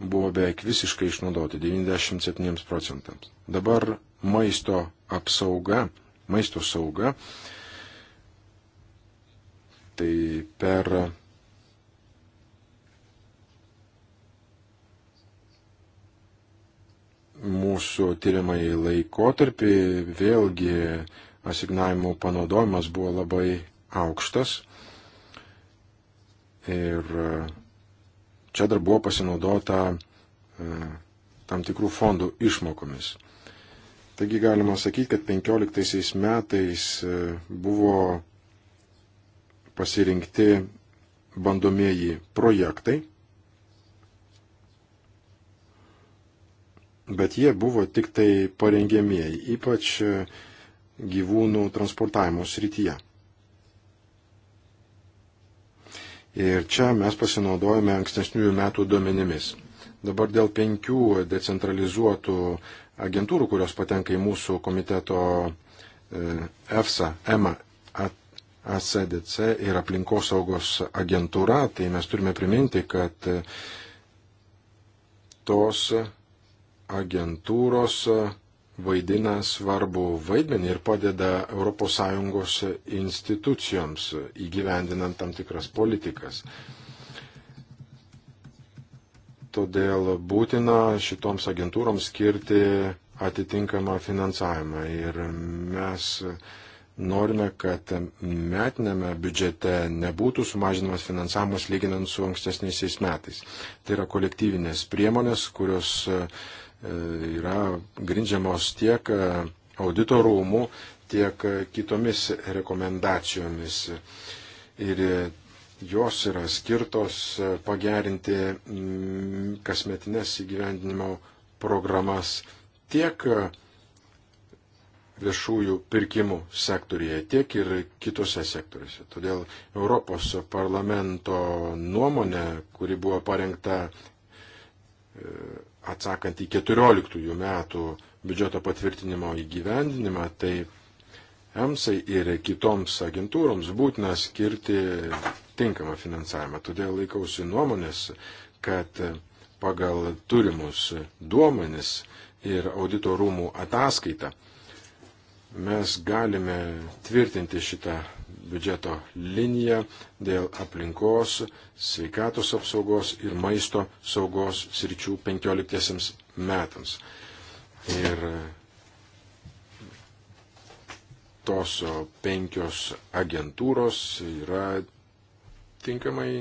buvo beveik visiškai išnaudoti 97 procentams. Dabar maisto apsauga, maisto sauga, tai per mūsų tyrimai laikotarpį vėlgi asignavimų panaudojimas buvo labai aukštas. Ir e, čia dar buvo pasinaudota e, tam tikrų fondų išmokomis. Taigi galima sakyti, kad 15 metais e, buvo pasirinkti bandomieji projektai bet jie buvo tik tai parengėmieji, ypač e, gyvūnų transportavimo srityje. Ir čia mes pasinaudojame ankstesniųjų metų duomenimis. Dabar dėl penkių decentralizuotų agentūrų, kurios patenka į mūsų komiteto e, EFSA, EMA, ACDC ir aplinkosaugos agentūra, tai mes turime priminti, kad e, tos agentūros vaidina svarbu vaidmenį ir padeda ES institucijoms įgyvendinant tam tikras politikas. Todėl būtina šitoms agentūroms skirti atitinkamą finansavimą. Ir mes norime, kad metinėme biudžete nebūtų sumažinamas finansavimas lyginant su ankstesniais metais. Tai yra kolektyvinės priemonės, kurios uh, E, yra grindžiamos tiek e, audito rūmų, tiek e, kitomis rekomendacijomis. Ir jos yra skirtos pagerinti kasmetinės įgyvendinimo programas tiek viešųjų pirkimų sektorėje, tiek ir kitose sektoriuose. Todėl Europos parlamento nuomonė, kuri buvo parengta atsakant į 14 metų biudžeto patvirtinimo įgyvendinimą, tai EMSAI ir kitoms agentūroms būtina skirti tinkamą finansavimą. Todėl laikausi nuomonės, kad pagal turimus duomenis ir audito rūmų ataskaitą mes galime tvirtinti šitą biudžeto liniją dėl aplinkos, sveikatos apsaugos ir maisto saugos sričių 15 metams. Ir tos penkios agentūros yra tinkamai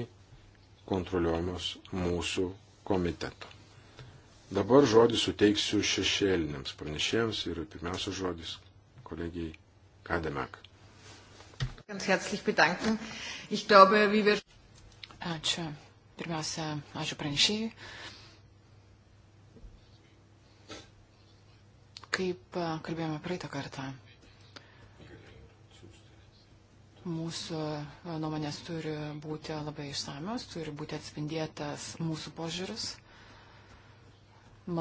kontroliuojamos mūsų komiteto. Dabar žodį suteiksiu šešėliniams pranešėjams ir pirmiausia žodis kolegijai Kademek. Ačiū. Pirmiausia, ačiū pranešėjai. Kaip e, kalbėjome praeitą kartą, mūsų e, nuomonės turi būti labai išsamios, turi būti atspindėtas mūsų požiūris.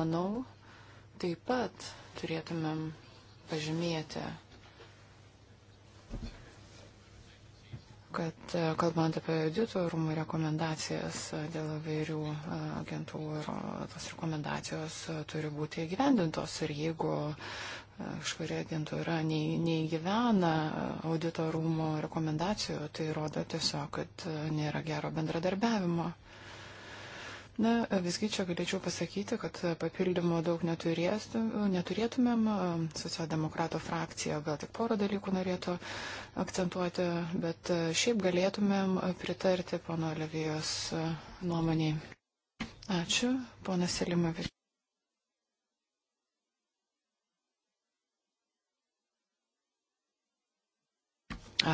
Manau, taip pat turėtumėm pažymėti kad e, kalbant apie audito rūmų rekomendacijas e, dėl vairių e, agentūrų, tos rekomendacijos turi būti įgyvendintos ir jeigu švari agentūra neįgyvena audito rūmų rekomendacijų, tai rodo tiesiog, kad nėra gero bendradarbiavimo. Na, visgi čia galėčiau pasakyti, kad papildymo daug neturėtumėm. Socialdemokrato frakcija gal tik porą dalykų norėtų akcentuoti, bet šiaip galėtumėm pritarti pono Levijos nuomoniai. Ačiū, ponas Selimavis.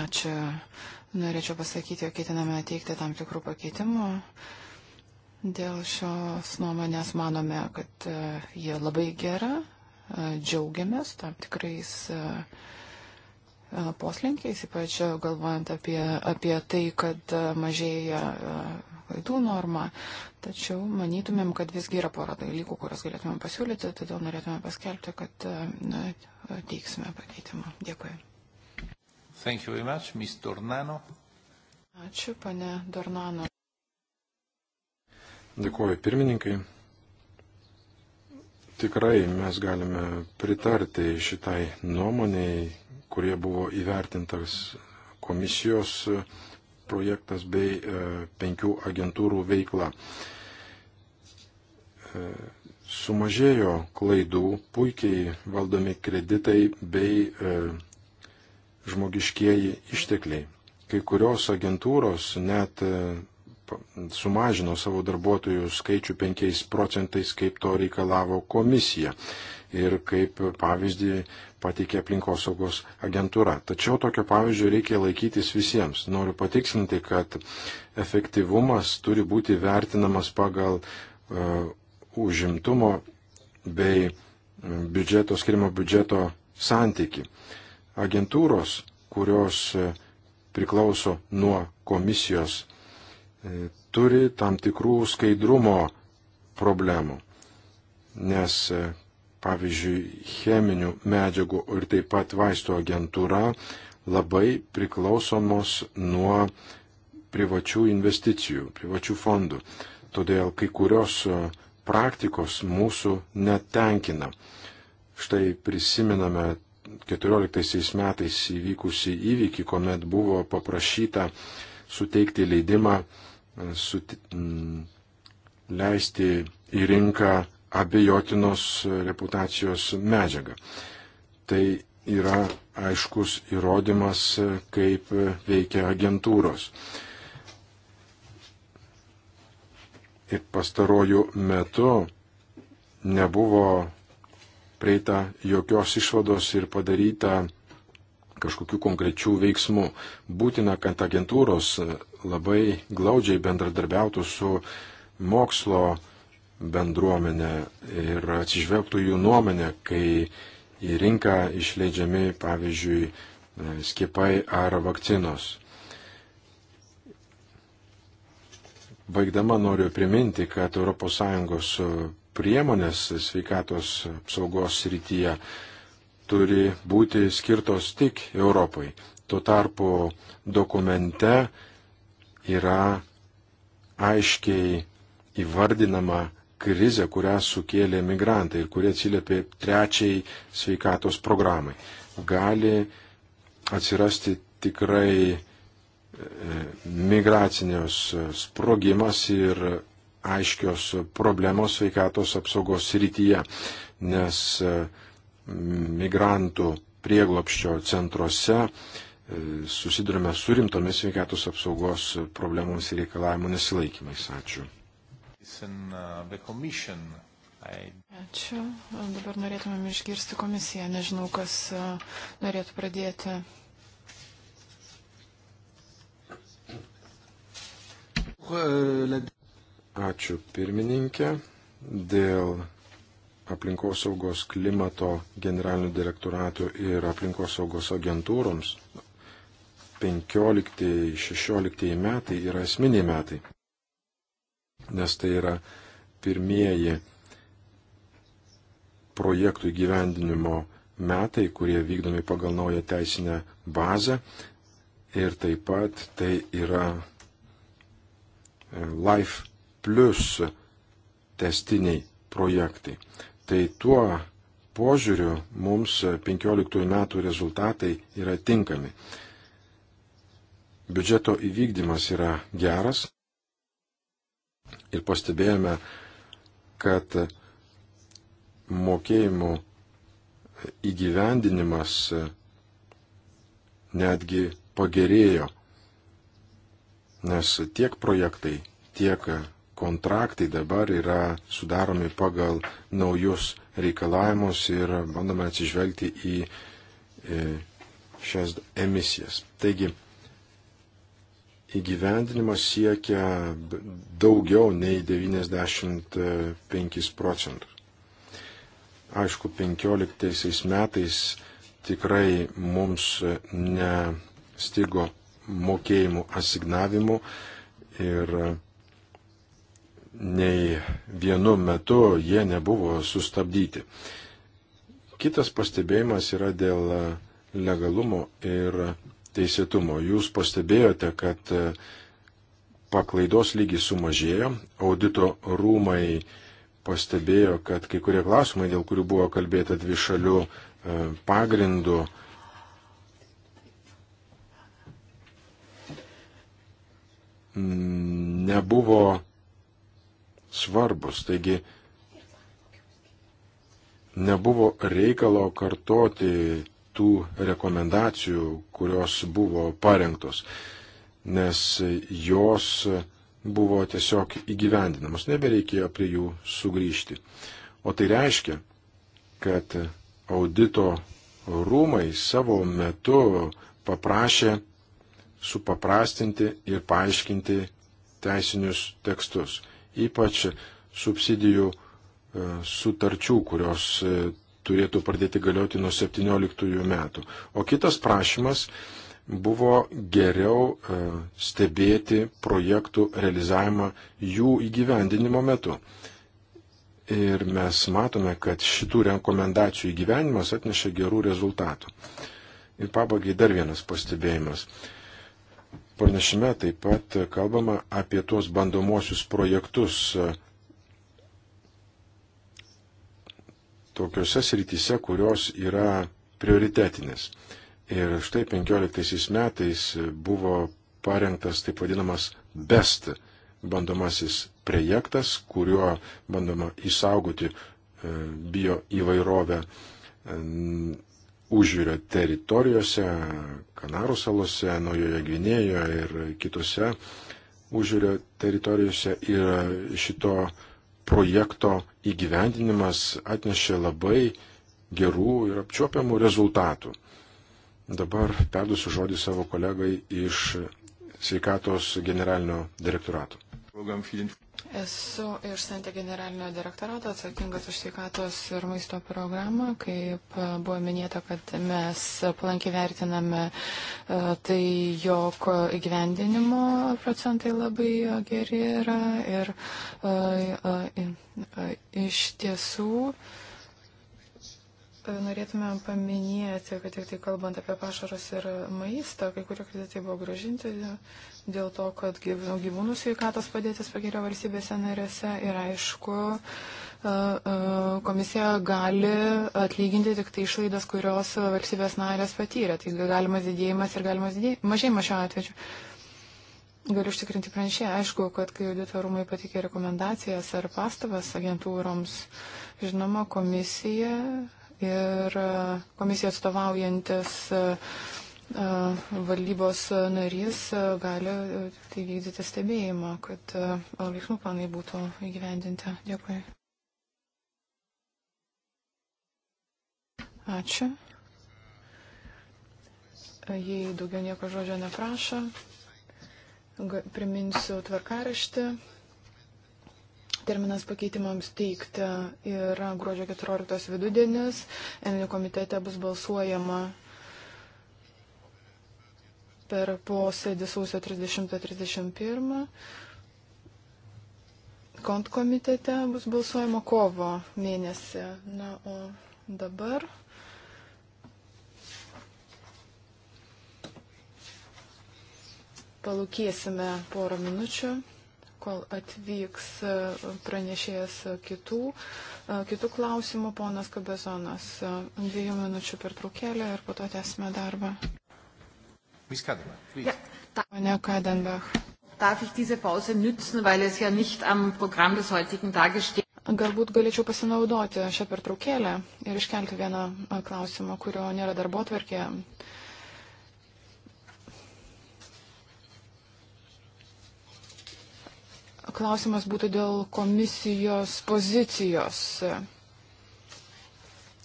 Ačiū. Norėčiau pasakyti, jog ketiname teikti tam tikrų pakeitimų. Uh, Dėl šios nuomonės manome, kad e, jie labai gera, e, džiaugiamės tam tikrais e, poslinkiais, ypač galvojant apie, apie tai, kad mažėja klaidų norma. Tačiau manytumėm, kad visgi yra pora dalykų, kurias galėtumėm pasiūlyti, todėl norėtumėm paskelbti, kad na, teiksime pakeitimą. Dėkui. Much, Ačiū, pane Dornano. Dėkuoju pirmininkai. Tikrai mes galime pritarti šitai nuomoniai, kurie buvo įvertintas komisijos projektas bei e, penkių agentūrų veikla. E, sumažėjo klaidų, puikiai valdomi kreditai bei e, žmogiškieji ištekliai. Kai kurios agentūros net sumažino savo darbuotojų skaičių 5 procentais, kaip to reikalavo komisija ir kaip pavyzdį pateikė aplinkosaugos agentūra. Tačiau tokio pavyzdžio reikia laikytis visiems. Noriu patikslinti, kad efektyvumas turi būti vertinamas pagal uh, užimtumo bei e, biudžeto skirimo biudžeto santyki. Agentūros, kurios e, priklauso nuo komisijos turi tam tikrų skaidrumo problemų, nes pavyzdžiui cheminių medžiagų ir taip pat vaistų agentūra labai priklausomos nuo privačių investicijų, privačių fondų. Todėl kai kurios e, praktikos mūsų netenkina. Štai prisiminame 14 metais įvykusi įvykį, kuomet buvo paprašyta suteikti leidimą sut, m, leisti į rinką abejotinos reputacijos medžiagą. Tai yra aiškus įrodymas, kaip veikia agentūros. Ir pastarojų metų nebuvo prieita jokios išvados ir padaryta kažkokių konkrečių veiksmų. Būtina, kad agentūros labai glaudžiai bendradarbiautų su mokslo bendruomenė ir atsižvelgtų jų nuomonę, kai į rinką išleidžiami, pavyzdžiui, skiepai ar vakcinos. Baigdama noriu priminti, kad ES priemonės sveikatos apsaugos srityje turi būti skirtos tik Europai. Tuo tarpu dokumente yra aiškiai įvardinama krizė, kurią sukėlė migrantai ir kurie atsiliepė trečiai sveikatos programai. Gali atsirasti tikrai e, migracinės sprogimas ir aiškios problemos sveikatos apsaugos srityje, nes e, migrantų prieglopščio centruose e, susidurime su rimtomis sveikatos apsaugos problemomis ir reikalavimų nesilaikymais. Ačiū. Uh, Ačiū. Dabar norėtumėm išgirsti komisiją. Nežinau, kas uh, norėtų pradėti. Euh, Ačiū pirmininkė dėl aplinkosaugos klimato generalinių direktoratų ir aplinkosaugos agentūroms 15-16 metai yra esminiai metai, nes tai yra pirmieji projektų įgyvendinimo metai, kurie vykdomi pagal naują teisinę bazę ir taip pat tai yra e, Life Plus testiniai projektai. Tai tuo požiūriu mums 15 metų rezultatai yra tinkami. Biudžeto įvykdymas yra geras ir pastebėjome, kad mokėjimų įgyvendinimas netgi pagerėjo, nes tiek projektai, tiek kontraktai dabar yra sudaromi pagal naujus reikalavimus ir bandome atsižvelgti į e, šias emisijas. Taigi, įgyvendinimas siekia daugiau nei 95 procentus. Aišku, 15 metais tikrai mums nestigo mokėjimų asignavimų ir nei vienu metu jie nebuvo sustabdyti. Kitas pastebėjimas yra dėl legalumo ir teisėtumo. Jūs pastebėjote, kad paklaidos lygis sumažėjo, audito rūmai pastebėjo, kad kai kurie klausimai, dėl kurių buvo kalbėta dvi šalių e, pagrindų, nebuvo svarbus. Taigi nebuvo reikalo kartoti tų rekomendacijų, kurios buvo parengtos, nes jos buvo tiesiog įgyvendinamos, nebereikėjo prie jų sugrįžti. O tai reiškia, kad audito rūmai savo metu paprašė supaprastinti ir paaiškinti teisinius tekstus ypač subsidijų e, sutarčių, kurios e, turėtų pradėti galioti nuo 17 metų. O kitas prašymas buvo geriau e, stebėti projektų realizavimą jų įgyvendinimo metu. Ir mes matome, kad šitų rekomendacijų įgyvenimas atneša gerų rezultatų. Ir pabaigai dar vienas pastebėjimas. Pranešime taip pat kalbama apie tuos bandomuosius projektus tokiuose srityse, kurios yra prioritetinės. Ir štai 15 metais buvo parengtas taip vadinamas BEST bandomasis projektas, kuriuo bandoma įsaugoti e, bio įvairovę užvirio teritorijose, Kanarų salose, Naujoje Gvinėjoje ir kitose užvirio teritorijose ir šito projekto įgyvendinimas atnešė labai gerų ir apčiopiamų rezultatų. Dabar perdusiu žodį savo kolegai iš sveikatos generalinio direktorato. Esu iš Santė generalinio direktorato atsakingas už sveikatos ir maisto programą. Kaip e, buvo minėta, kad mes palankiai vertiname e, tai, jog įgyvendinimo procentai labai e, geri yra. Ir iš tiesų. Norėtume paminėti, kad tik tai kalbant apie pašarus ir maistą, kai kurie kreditai buvo gražinti dėl to, kad gyvūnų sveikatos padėtis pagerėjo valstybėse narėse ir aišku, e, e, komisija gali atlyginti tik tai išlaidas, kurios valstybės narės patyrė. Tai galimas didėjimas ir galimas didėjimas, mažėjimas šiuo atveju. Galiu užtikrinti pranešėją, aišku, kad kai audito rūmai patikė rekomendacijas ar pastabas agentūroms, žinoma, komisija ir e, komisija atstovaujantis uh, valdybos narys gali tai vykdyti stebėjimą, kad veiksmų planai būtų įgyvendinti. Dėkui. Ačiū. Jei daugiau nieko žodžio neprašo, priminsiu tvarkaraštį. Terminas pakeitimams teikti yra gruodžio 14 vidudienis. Enlių komitete bus balsuojama per posėdį sausio 30-31. Kont komitete bus balsuojama kovo mėnesį. Na, o dabar. Palūkėsime porą minučių, kol atvyks pranešėjas kitų, kitų klausimų, ponas Kabezonas. Dviejų minučių per trukėlę ir po to tęsime darbą. Ms. Kadenbach, please. Ja, Herr Kadenbach. Darf ich diese Pause nützen, weil es ja nicht am Programm des heutigen Tages steht? Galbūt galėčiau pasinaudoti šią pertraukėlę ir iškelti vieną klausimą, kurio nėra darbo atverkėje. Klausimas būtų dėl komisijos pozicijos.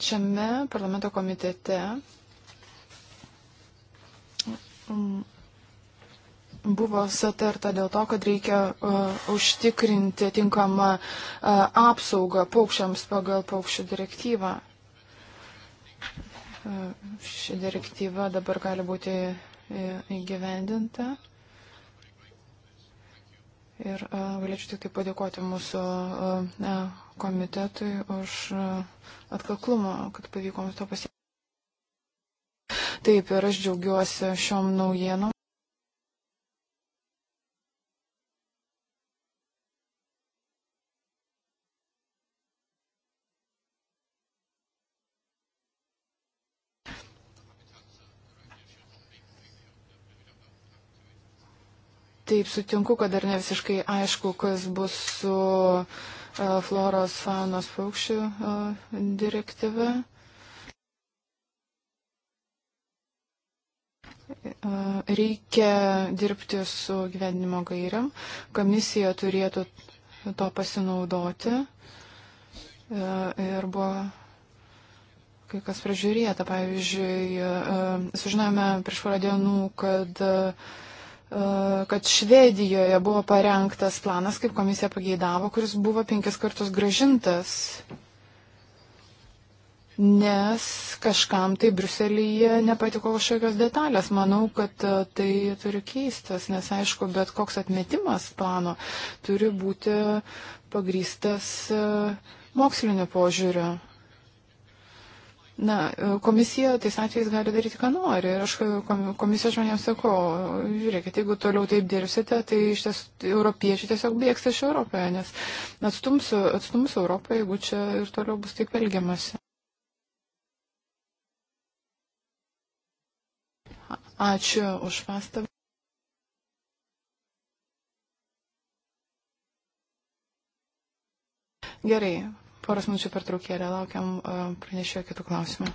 Šiame parlamento komitete Mm, buvo satarta dėl to, kad reikia uh, užtikrinti tinkamą uh, apsaugą paukščiams pagal paukščių direktyvą. Uh, ši direktyva dabar gali būti įgyvendinta. Ir uh, galėčiau tik tai padėkoti mūsų uh, komitetui už uh, atkaklumą, kad pavyko mums to pasiekti. Taip, ir aš džiaugiuosi šiom naujienom. Taip, sutinku, kad dar ne visiškai aišku, kas bus su e, floros faunos paukščių e, direktyve. reikia dirbti su gyvenimo gairiam, komisija turėtų to pasinaudoti e, ir buvo kai kas pražiūrėta. Pavyzdžiui, e, sužinojome prieš porą dienų, kad e, kad Švedijoje buvo parengtas planas, kaip komisija pageidavo, kuris buvo penkis kartus gražintas nes kažkam tai Bruselyje nepatiko kažkokios detalės. Manau, kad e, tai turi keistas, nes aišku, bet koks atmetimas plano turi būti pagrystas e, mokslinio požiūrio. Na, e, komisija tais atvejais gali daryti, ką nori. Ir aš komisijos žmonėms sakau, žiūrėkit, jeigu toliau taip dirbsite, tai iš ties europiečiai tiesiog bėgs iš Europoje, nes atstums, atstums Europą, jeigu čia ir toliau bus taip elgiamasi. Ačiū už pastabą. Gerai, poras minučių per traukėlę, laukiam e, pranešėjo kitų klausimų.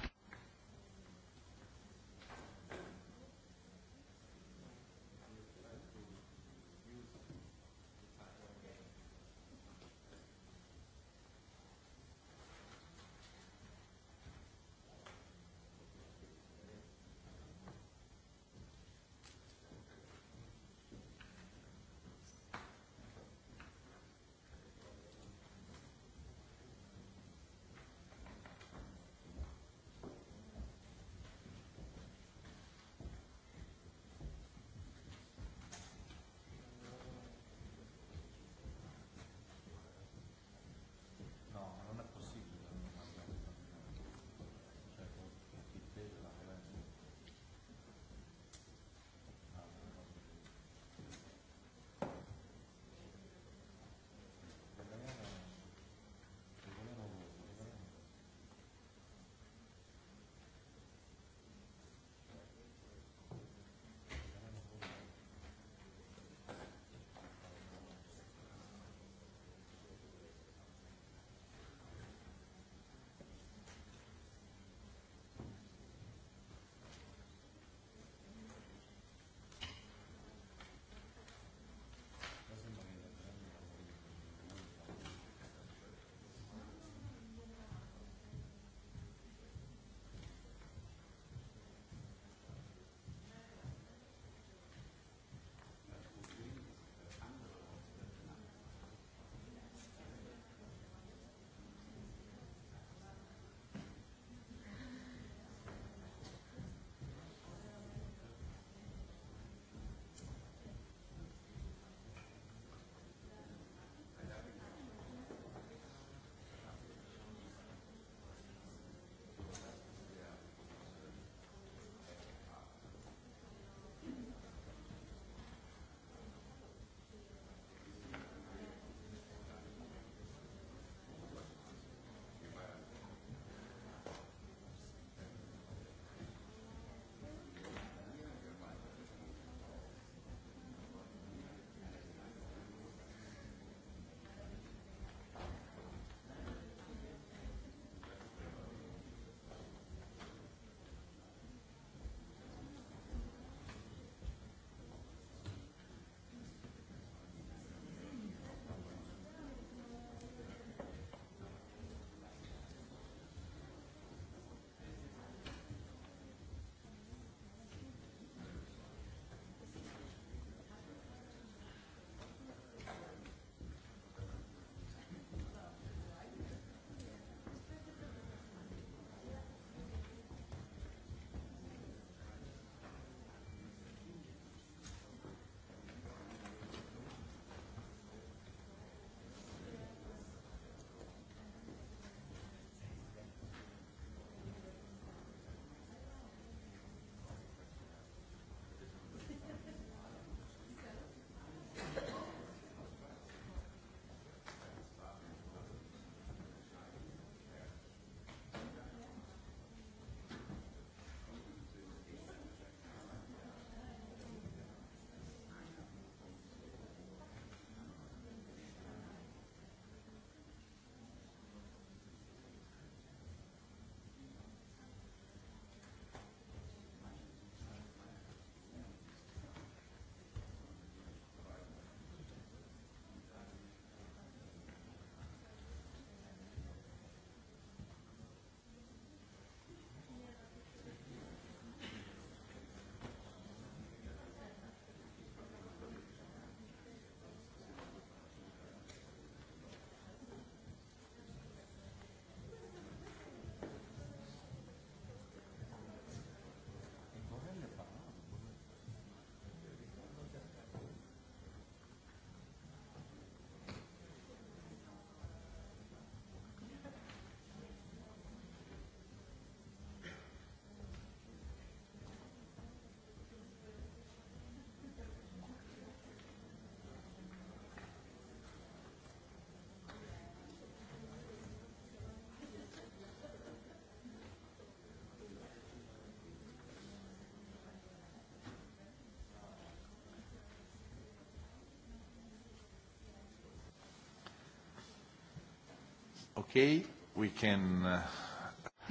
Okay, we can... Uh,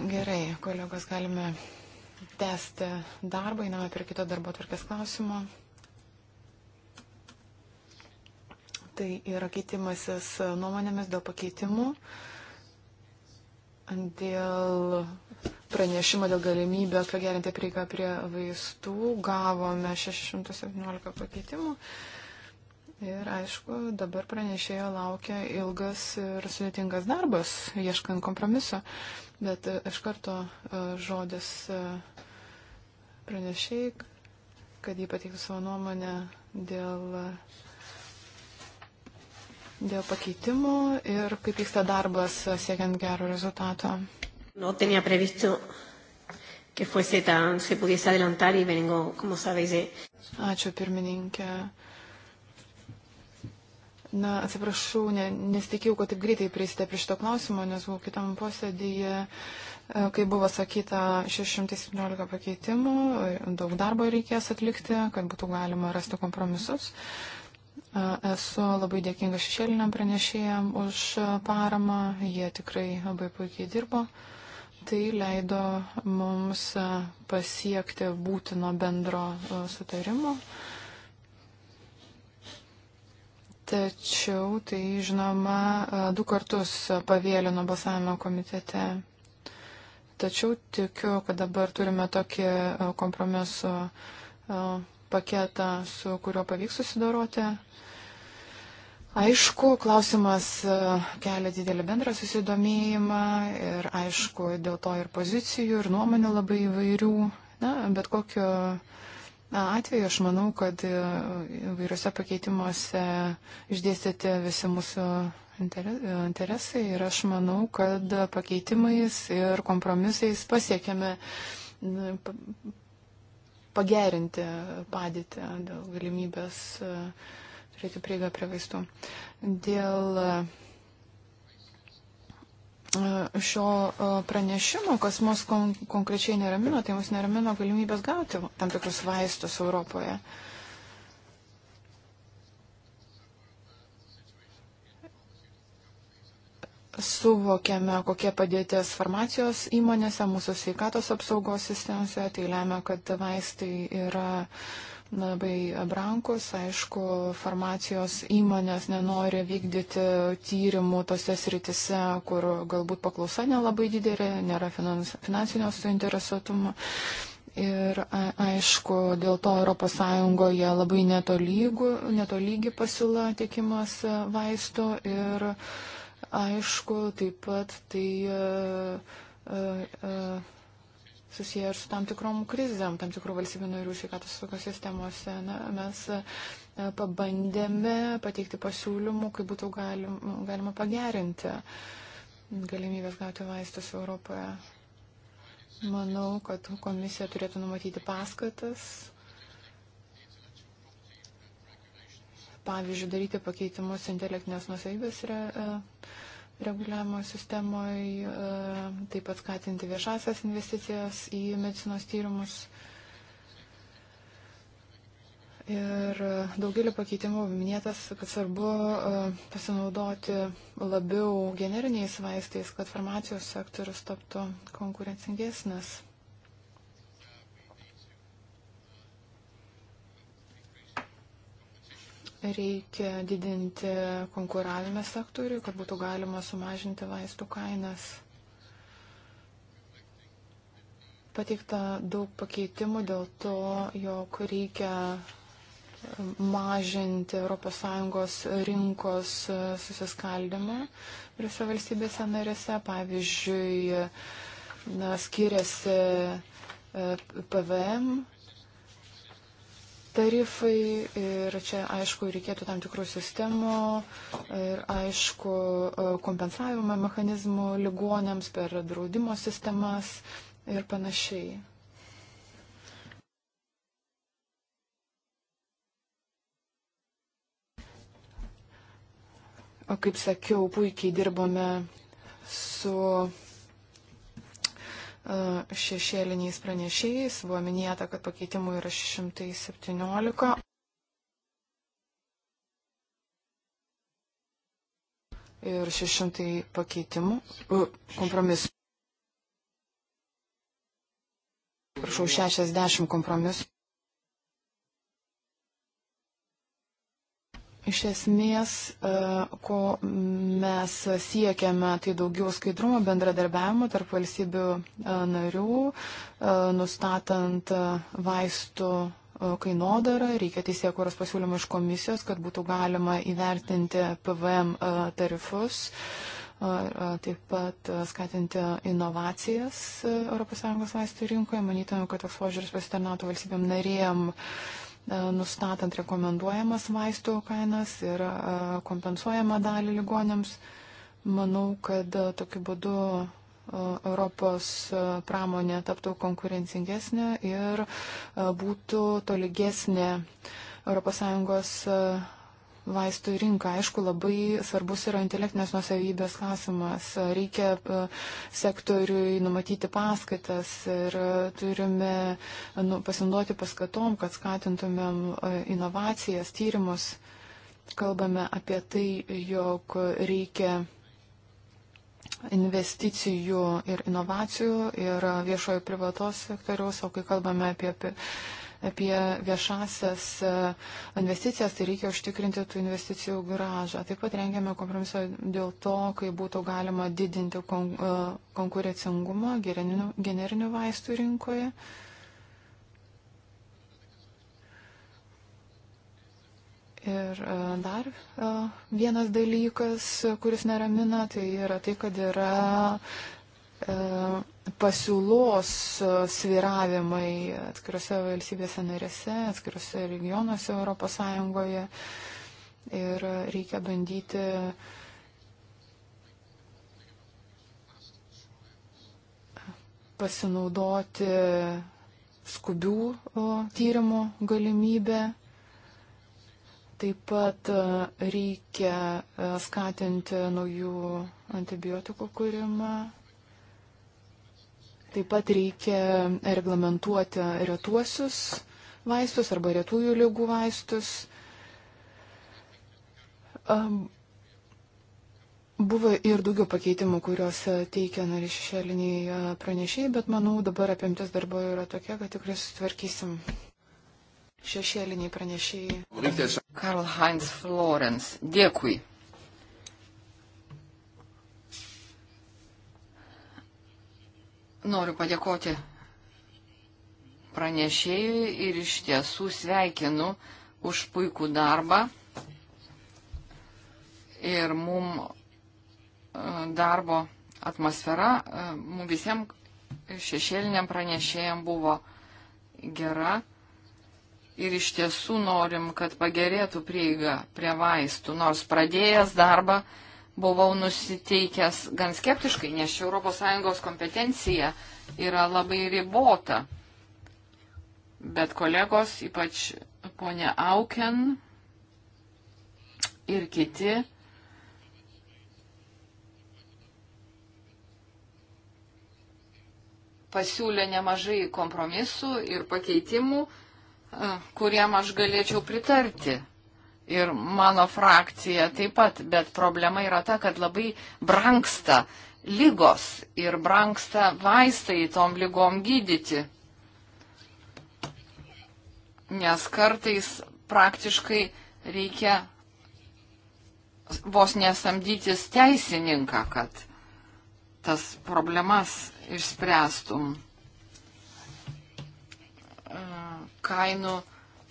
Gerai, kolegos, galime tęsti darbą, einame prie kito darbo tvarkės klausimo. Tai yra keitimasis nuomonėmis dėl pakeitimų, dėl pranešimo dėl galimybės pagerinti prieigą prie vaistų. Gavome 617 pakeitimų. Uh, Ir aišku, dabar pranešėjo laukia ilgas ir sudėtingas darbas, ieškant kompromiso. Bet e, iš karto e, žodis e, pranešėjai, kad jį pateiktų savo nuomonę dėl, dėl pakeitimų ir kaip vyksta darbas siekiant gero rezultato. No tenía previsto que fuese tan, se pudiese adelantar y vengo, como sabéis, de... Ačiū pirmininkė. Na, atsiprašau, ne, nesitikėjau, kad taip greitai prieisite prie šito klausimo, nes buvau kitam posėdėje, e, kai buvo sakyta 617 pakeitimų, e, daug darbo reikės atlikti, kad būtų galima rasti kompromisus. E, esu labai dėkinga šešėliniam pranešėjam už paramą, jie tikrai labai puikiai dirbo. Tai leido mums pasiekti būtino bendro sutarimo. Tačiau tai, žinoma, e, du kartus pavėlino balsavimo komitete. Tačiau tikiu, kad dabar turime tokį e, kompromiso e, paketą, su kuriuo pavyks susidoroti. Aišku, klausimas kelia didelį bendrą susidomėjimą ir aišku, dėl to ir pozicijų, ir nuomonių labai įvairių. Na, bet kokio atveju aš manau, kad e, vairiuose pakeitimuose išdėstyti visi mūsų interesai ir aš manau, kad pakeitimais ir kompromisais pasiekėme pagerinti padėtį dėl galimybės e, turėti prieigą prie vaistų. Dėl uh, šio e, pranešimo, kas mus kon konkrečiai neramino, tai mus neramino galimybės gauti tam tikrus vaistus Europoje. Suvokėme, kokie padėtės farmacijos įmonėse, mūsų sveikatos apsaugos sistemose, tai lemia, kad vaistai yra uh, labai brangus. Aišku, farmacijos įmonės nenori vykdyti tyrimų tose sritise, kur galbūt paklausa nelabai didelė, nėra finansinio suinteresuotumo. Ir aišku, dėl to ES labai netolygu, netolygi pasiūla tiekimas e, vaistų ir aišku, taip pat tai. Uh, uh, uh, susiję ir su tam tikrom krizėm, tam tikrų valstybių narių sveikatos saugos sistemose. Na, mes e, pabandėme pateikti pasiūlymų, kaip būtų galim, galima pagerinti galimybės gauti vaistus Europoje. Manau, kad komisija turėtų numatyti paskatas. Pavyzdžiui, daryti pakeitimus intelektinės nusavybės re, e, reguliavimo sistemoje, taip pat skatinti viešasias investicijas į medicinos tyrimus. Ir daugelį pakeitimų minėtas, kad svarbu e, pasinaudoti labiau generiniais vaistais, kad farmacijos sektorius taptų konkurencingesnis. reikia didinti konkuravimą sektoriui, kad būtų galima sumažinti vaistų kainas. Pateikta daug pakeitimų dėl to, jog reikia mažinti ES rinkos susiskaldimą visose valstybėse narėse. Pavyzdžiui, na, skiriasi e, PVM tarifai ir čia aišku reikėtų tam tikrų sistemų ir aišku e, kompensavimo mechanizmų ligonėms per draudimo sistemas ir panašiai. O kaip sakiau, puikiai dirbome su šešėliniais pranešėjais. Buvo minėta, kad pakeitimų yra 617. Ir 600 pakeitimų, kompromisų. Prašau, 60 kompromisų. Iš esmės, e, ko mes siekiame, tai daugiau skaidrumo bendradarbiavimo tarp valstybių e, narių, e, nustatant vaistų kainodarą, reikia teisėkuros pasiūlymų iš komisijos, kad būtų galima įvertinti PVM tarifus, taip pat skatinti inovacijas ES vaistų rinkoje. Manytumėm, kad toks požiūris pasitarnautų valstybėm narėjom E, nustatant rekomenduojamas vaistų kainas ir e, kompensuojama dalį ligonėms. Manau, kad e, tokiu būdu Europos pramonė taptų konkurencingesnė ir būtų tolygesnė ES vaistų rinką. Aišku, labai svarbus yra intelektinės nusavybės klausimas. Reikia e, sektoriui numatyti paskatas ir turime e, nu, pasinaudoti paskatom, kad skatintumėm e, inovacijas, tyrimus. Kalbame apie tai, jog reikia investicijų ir inovacijų ir viešojo privatos sektoriaus, o kai kalbame apie, apie apie viešasias e, investicijas, tai reikia užtikrinti tų investicijų gražą. Taip pat rengiame kompromisą dėl to, kaip būtų galima didinti kon, e, konkurencingumą generinių, generinių vaistų rinkoje. Ir e, dar vienas dalykas, kuris neramina, tai yra tai, kad yra E, pasiūlos e, sviravimai atskirose valstybėse narėse, atskirose regionuose ES. Ir reikia bandyti pasinaudoti skubių tyrimų galimybę. Taip pat e, reikia skatinti naujų antibiotikų kūrimą, Taip pat reikia reglamentuoti retuosius vaistus arba retųjų lygų vaistus. Buvo ir daugiau pakeitimų, kuriuos teikia narišėliniai pranešėjai, bet manau dabar apimtis darbo yra tokia, kad tikrai sutvarkysim. Šešėliniai pranešėjai. Karl Heinz Florence. Dėkui. Noriu padėkoti pranešėjui ir iš tiesų sveikinu už puikų darbą. Ir mum e, darbo atmosfera, e, mum visiems šešėliniam pranešėjam buvo gera. Ir iš tiesų norim, kad pagerėtų prieiga prie vaistų, nors pradėjęs darbą buvau nusiteikęs gan skeptiškai, nes ši ES kompetencija yra labai ribota. Bet kolegos, ypač ponė Auken ir kiti, pasiūlė nemažai kompromisų ir pakeitimų, kuriem aš galėčiau pritarti ir mano frakcija taip pat, bet problema yra ta, kad labai branksta lygos ir branksta vaistai tom lygom gydyti. Nes kartais praktiškai reikia vos nesamdytis teisininką, kad tas problemas išspręstum. Kainų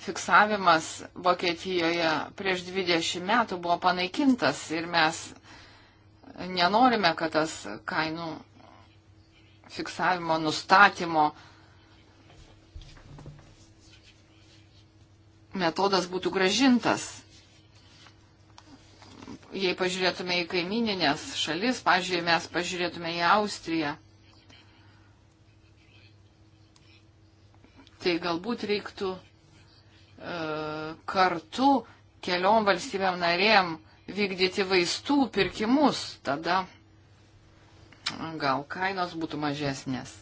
fiksavimas Vokietijoje prieš 20 metų buvo panaikintas ir mes nenorime, kad tas kainų fiksavimo, nustatymo metodas būtų gražintas. Jei pažiūrėtume į kaimininės šalis, pažiūrėjome, mes pažiūrėtume į Austriją, tai galbūt reiktų E, kartu keliom valstybėm narėm vykdyti vaistų pirkimus, tada gal kainos būtų mažesnės.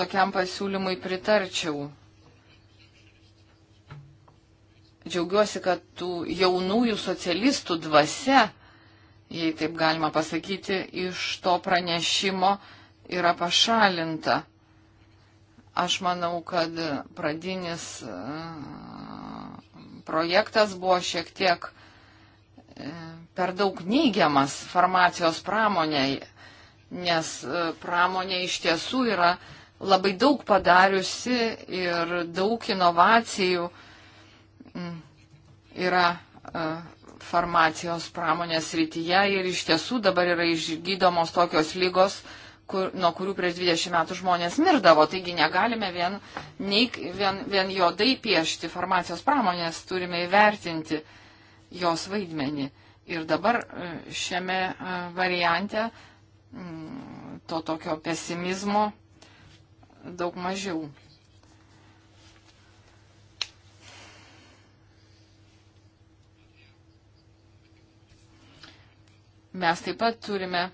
Tokiam pasiūlymui pritarčiau. Džiaugiuosi, kad tų jaunųjų socialistų dvasia, jei taip galima pasakyti, iš to pranešimo yra pašalinta. Aš manau, kad pradinis e, projektas buvo šiek tiek e, per daug neigiamas farmacijos pramoniai, nes e, pramonė iš tiesų yra labai daug padariusi ir daug inovacijų yra farmacijos pramonės rytyje ir iš tiesų dabar yra išgydomos tokios lygos, kur, nuo kurių prieš 20 metų žmonės mirdavo. Taigi negalime vien, nei, vien, vien jodai piešti farmacijos pramonės, turime įvertinti jos vaidmenį. Ir dabar e, šiame e, variante mm, to tokio pesimizmo daug mažiau. Mes taip pat turime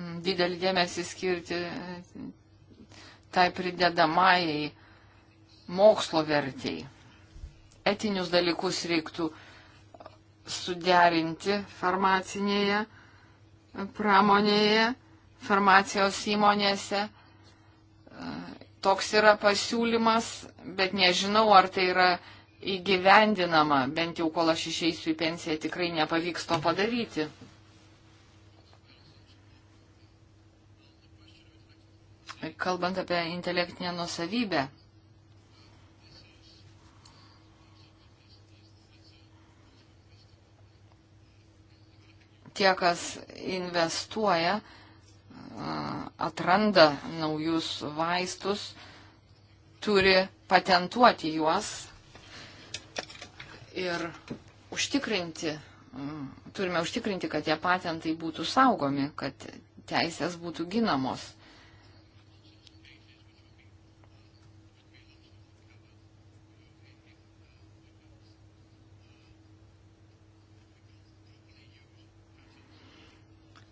Mm, didelį dėmesį skirti e, tai pridedamajai mokslo vertėjai. Etinius dalykus reiktų suderinti farmacinėje pramonėje, farmacijos įmonėse. E, toks yra pasiūlymas, bet nežinau, ar tai yra įgyvendinama, bent jau kol aš išeisiu į pensiją, tikrai nepavyks to padaryti. kalbant apie intelektinę nusavybę. Tie, kas investuoja, atranda naujus vaistus, turi patentuoti juos ir užtikrinti, turime užtikrinti, kad tie patentai būtų saugomi, kad teisės būtų ginamos.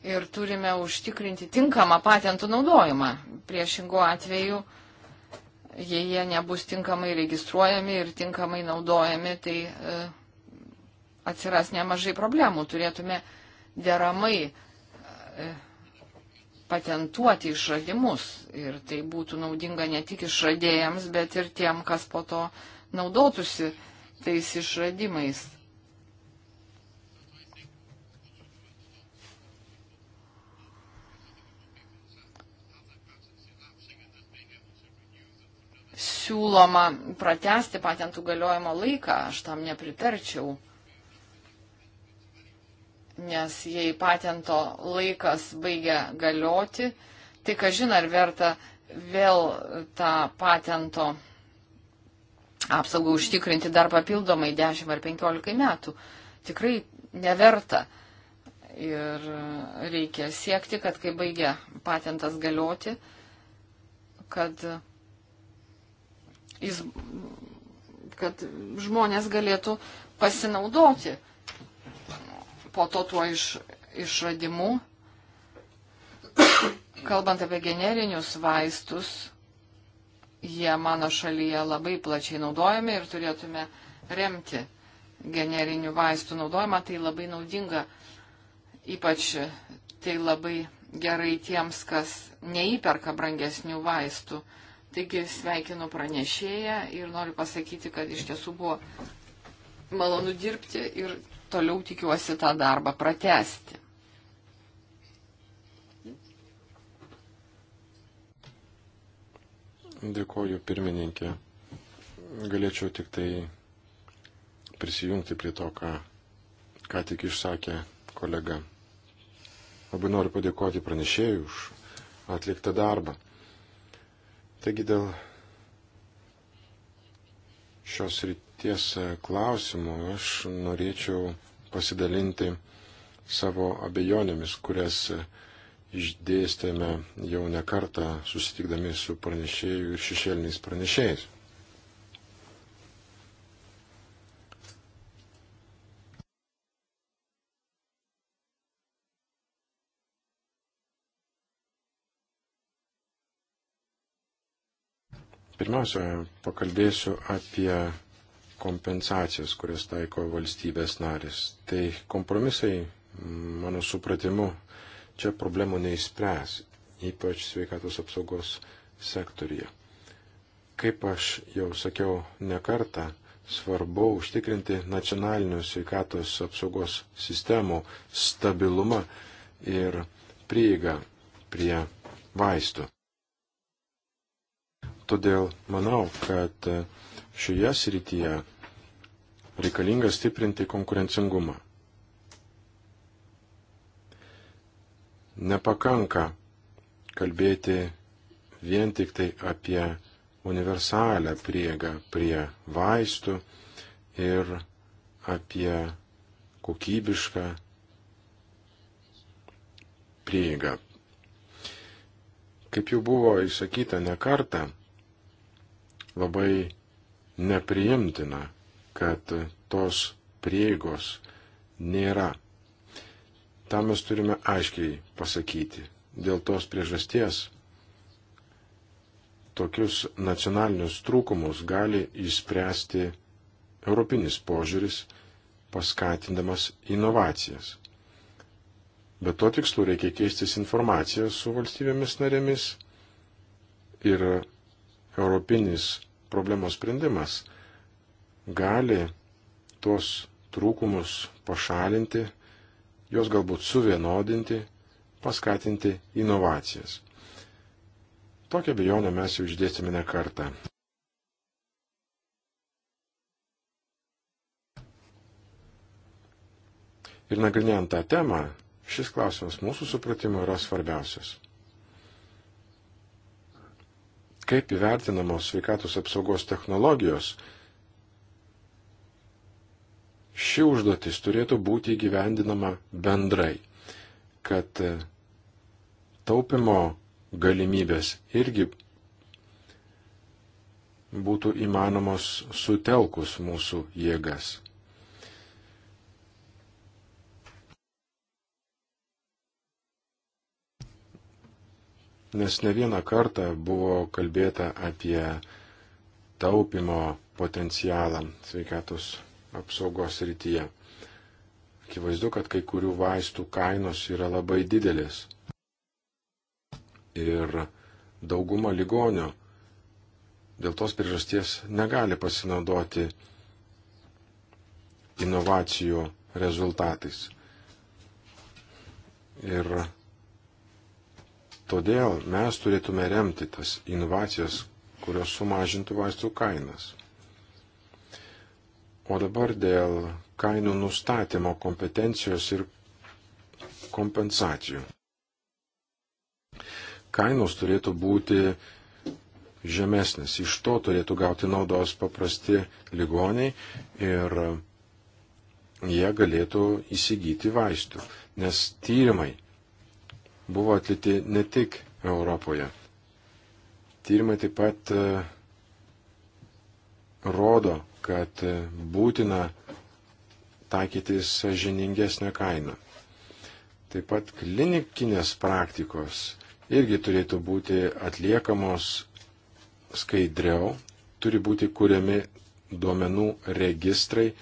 ir turime užtikrinti tinkamą patentų naudojimą. Priešingų atveju, jei jie nebus tinkamai registruojami ir tinkamai naudojami, tai e, atsiras nemažai problemų. Turėtume deramai e, patentuoti išradimus ir tai būtų naudinga ne tik išradėjams, bet ir tiem, kas po to naudotųsi tais išradimais. siūloma pratesti patentų galiojimo laiką, aš tam nepritarčiau. Nes jei patento laikas baigia galioti, tai kažin ar verta vėl tą patento apsaugą užtikrinti dar papildomai 10 ar 15 metų. Tikrai neverta. Ir reikia siekti, kad kai baigia patentas galioti, kad jis, kad žmonės galėtų pasinaudoti po to tuo iš, išradimu. Kalbant apie generinius vaistus, jie mano šalyje labai plačiai naudojami ir turėtume remti generinių vaistų naudojimą. Tai labai naudinga, ypač tai labai gerai tiems, kas neįperka brangesnių vaistų. Taigi sveikinu pranešėją ir noriu pasakyti, kad iš tiesų buvo malonu dirbti ir toliau tikiuosi tą darbą pratesti. Dėkoju pirmininkė. Galėčiau tik tai prisijungti prie to, ką, ką tik išsakė kolega. Labai noriu padėkoti pranešėjui už atliktą darbą. Taigi dėl šios ryties e, klausimų aš norėčiau pasidalinti savo abejonėmis, kurias e, išdėstėme jau ne kartą susitikdami su pranešėjų ir šešėliniais pranešėjais. Pirmiausia, pakalbėsiu apie kompensacijas, kurias taiko valstybės narės. Tai kompromisai, mano supratimu, čia problemų neįspręs, ypač sveikatos apsaugos sektorija. Kaip aš jau sakiau ne kartą, svarbu užtikrinti nacionalinių sveikatos apsaugos sistemų stabilumą ir prieigą prie vaistų. Todėl manau, kad e, šioje srityje reikalinga stiprinti konkurencingumą. Nepakanka kalbėti vien tik tai apie universalią priegą prie vaistų ir apie kokybišką prieigą. Kaip jau buvo įsakyta ne kartą, labai nepriimtina, kad tos prieigos nėra. Ta mes turime aiškiai pasakyti. Dėl tos priežasties tokius nacionalinius trūkumus gali išspręsti europinis požiūris, paskatindamas inovacijas. Bet to tikslu reikia keistis informaciją su valstybėmis narėmis ir europinis problemos sprendimas gali tuos trūkumus pašalinti, juos galbūt suvienodinti, paskatinti inovacijas. Tokią bejonę mes jau išdėstėme ne kartą. Ir nagrinėjant tą temą, šis klausimas mūsų supratimu yra svarbiausias kaip įvertinamos sveikatos apsaugos technologijos, ši užduotis turėtų būti įgyvendinama bendrai, kad e, taupimo galimybės irgi būtų įmanomos sutelkus mūsų jėgas. nes ne vieną kartą buvo kalbėta apie taupimo potencialą sveikatos apsaugos rytyje. Akivaizdu, kad kai kurių vaistų kainos yra labai didelės. Ir dauguma ligonių dėl tos priežasties negali pasinaudoti inovacijų rezultatais. Ir Todėl mes turėtume remti tas inovacijas, kurios sumažintų vaistų kainas. O dabar dėl kainų nustatymo kompetencijos ir kompensacijų. Kainos turėtų būti žemesnės, iš to turėtų gauti naudos paprasti ligoniai ir jie galėtų įsigyti vaistų, nes tyrimai buvo atlikti ne tik Europoje. Tyrimai taip pat e, rodo, kad e, būtina taikyti sažiningesnę kainą. Taip pat klinikinės praktikos irgi turėtų būti atliekamos skaidriau, turi būti kuriami duomenų registrai,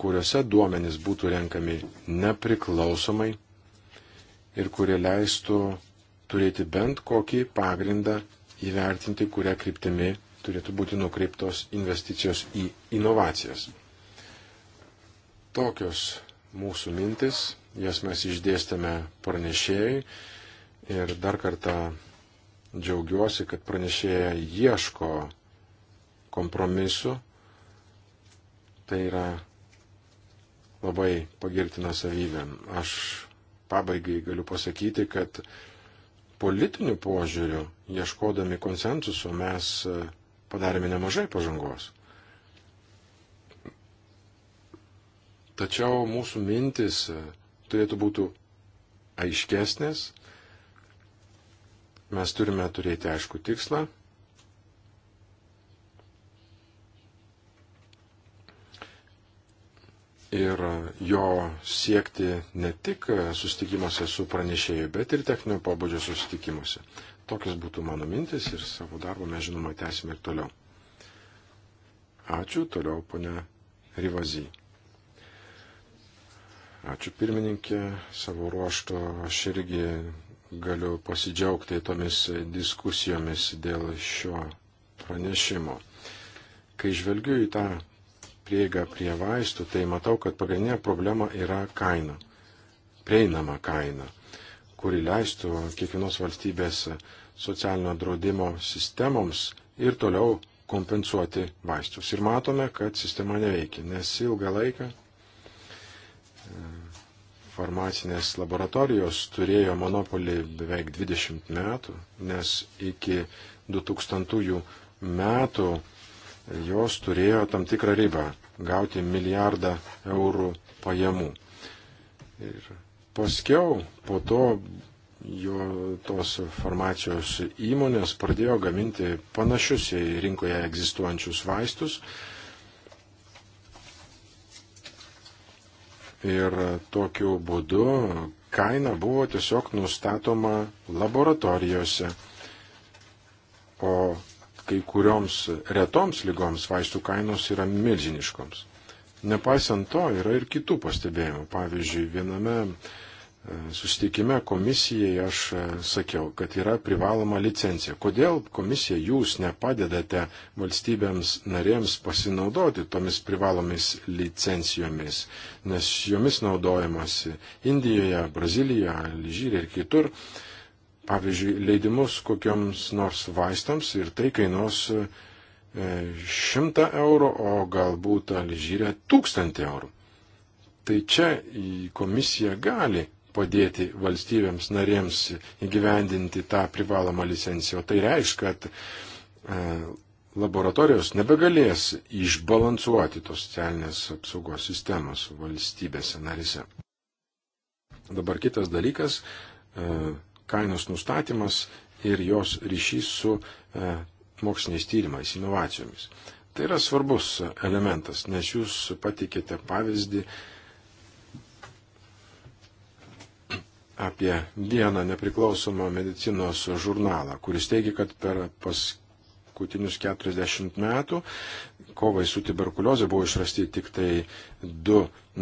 kuriuose duomenys būtų renkami nepriklausomai ir kurie leistų turėti bent kokį pagrindą įvertinti, kuria kryptimi turėtų būti nukreiptos investicijos į inovacijas. Tokios mūsų mintis, jas mes išdėstėme pranešėjai ir dar kartą džiaugiuosi, kad pranešėja ieško kompromisu. Tai yra labai pagirtina savybė. Aš pabaigai galiu pasakyti, kad politiniu požiūriu, ieškodami konsensuso, mes e, padarėme nemažai pažangos. Tačiau mūsų mintis e, turėtų būti aiškesnės. Mes turime turėti aišku tikslą, ir jo siekti ne tik susitikimuose su pranešėjai, bet ir techninio pobūdžio susitikimuose. Tokios būtų mano mintis ir savo darbą mes žinoma tęsime ir toliau. Ačiū, toliau ponia Rivazy. Ačiū pirmininkė, savo ruošto aš irgi galiu pasidžiaugti tomis diskusijomis dėl šio pranešimo. Kai žvelgiu į tą prieigą prie vaistų, tai matau, kad pagrindinė problema yra kaina. Prieinama kaina, kuri leistų kiekvienos valstybės socialinio draudimo sistemoms ir toliau kompensuoti vaistus. Ir matome, kad sistema neveikia, nes ilgą laiką e, farmacinės laboratorijos turėjo monopolį beveik 20 metų, nes iki 2000 metų jos turėjo tam tikrą ribą - gauti milijardą eurų pajamų. Ir paskiau, po to, jo tos farmacijos įmonės pradėjo gaminti panašius į rinkoje egzistuojančius vaistus. Ir tokiu būdu kaina buvo tiesiog nustatoma laboratorijose, o kai kurioms retoms lygoms vaistų kainos yra milžiniškoms. Nepaisant to, yra ir kitų pastebėjimų. Pavyzdžiui, viename e, susitikime komisijai aš e, sakiau, kad yra privaloma licencija. Kodėl komisija jūs nepadedate valstybėms narėms pasinaudoti tomis privalomis licencijomis, nes jomis naudojamasi Indijoje, Brazilijoje, Alžyrė ir kitur. Uh, pavyzdžiui, leidimus kokiams nors vaistams ir tai kainuos 100 e, eurų, o galbūt Alžyrė 1000 eurų. Tai čia komisija gali padėti valstybėms narėms įgyvendinti tą privalomą licenciją. O tai reiškia, kad e, laboratorijos nebegalės išbalansuoti tos socialinės apsaugos sistemos valstybėse narise. Dabar kitas dalykas e, kainos nustatymas ir jos ryšys su e, moksliniais tyrimais, inovacijomis. Tai yra svarbus elementas, nes jūs patikėte pavyzdį apie vieną nepriklausomą medicinos žurnalą, kuris teigia, kad per paskutinius 40 metų kovai su tuberkuliozė buvo išrasti tik tai du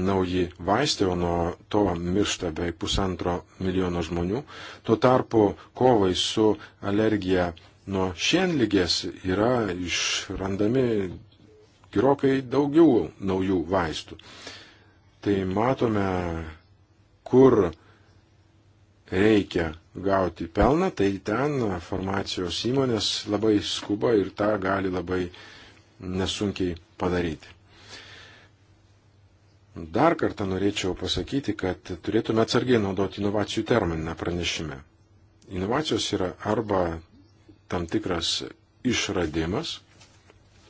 nauji vaistai, o nuo to miršta beveik pusantro milijono žmonių. Tuo tarpu kovai su alergija nuo šienlygės yra išrandami gerokai daugiau naujų vaistų. Tai matome, kur reikia gauti pelną, tai ten farmacijos įmonės labai skuba ir tą gali labai uh, nesunkiai padaryti. Dar kartą norėčiau pasakyti, kad turėtume atsargiai naudoti inovacijų terminą pranešime. Inovacijos yra arba tam tikras išradimas,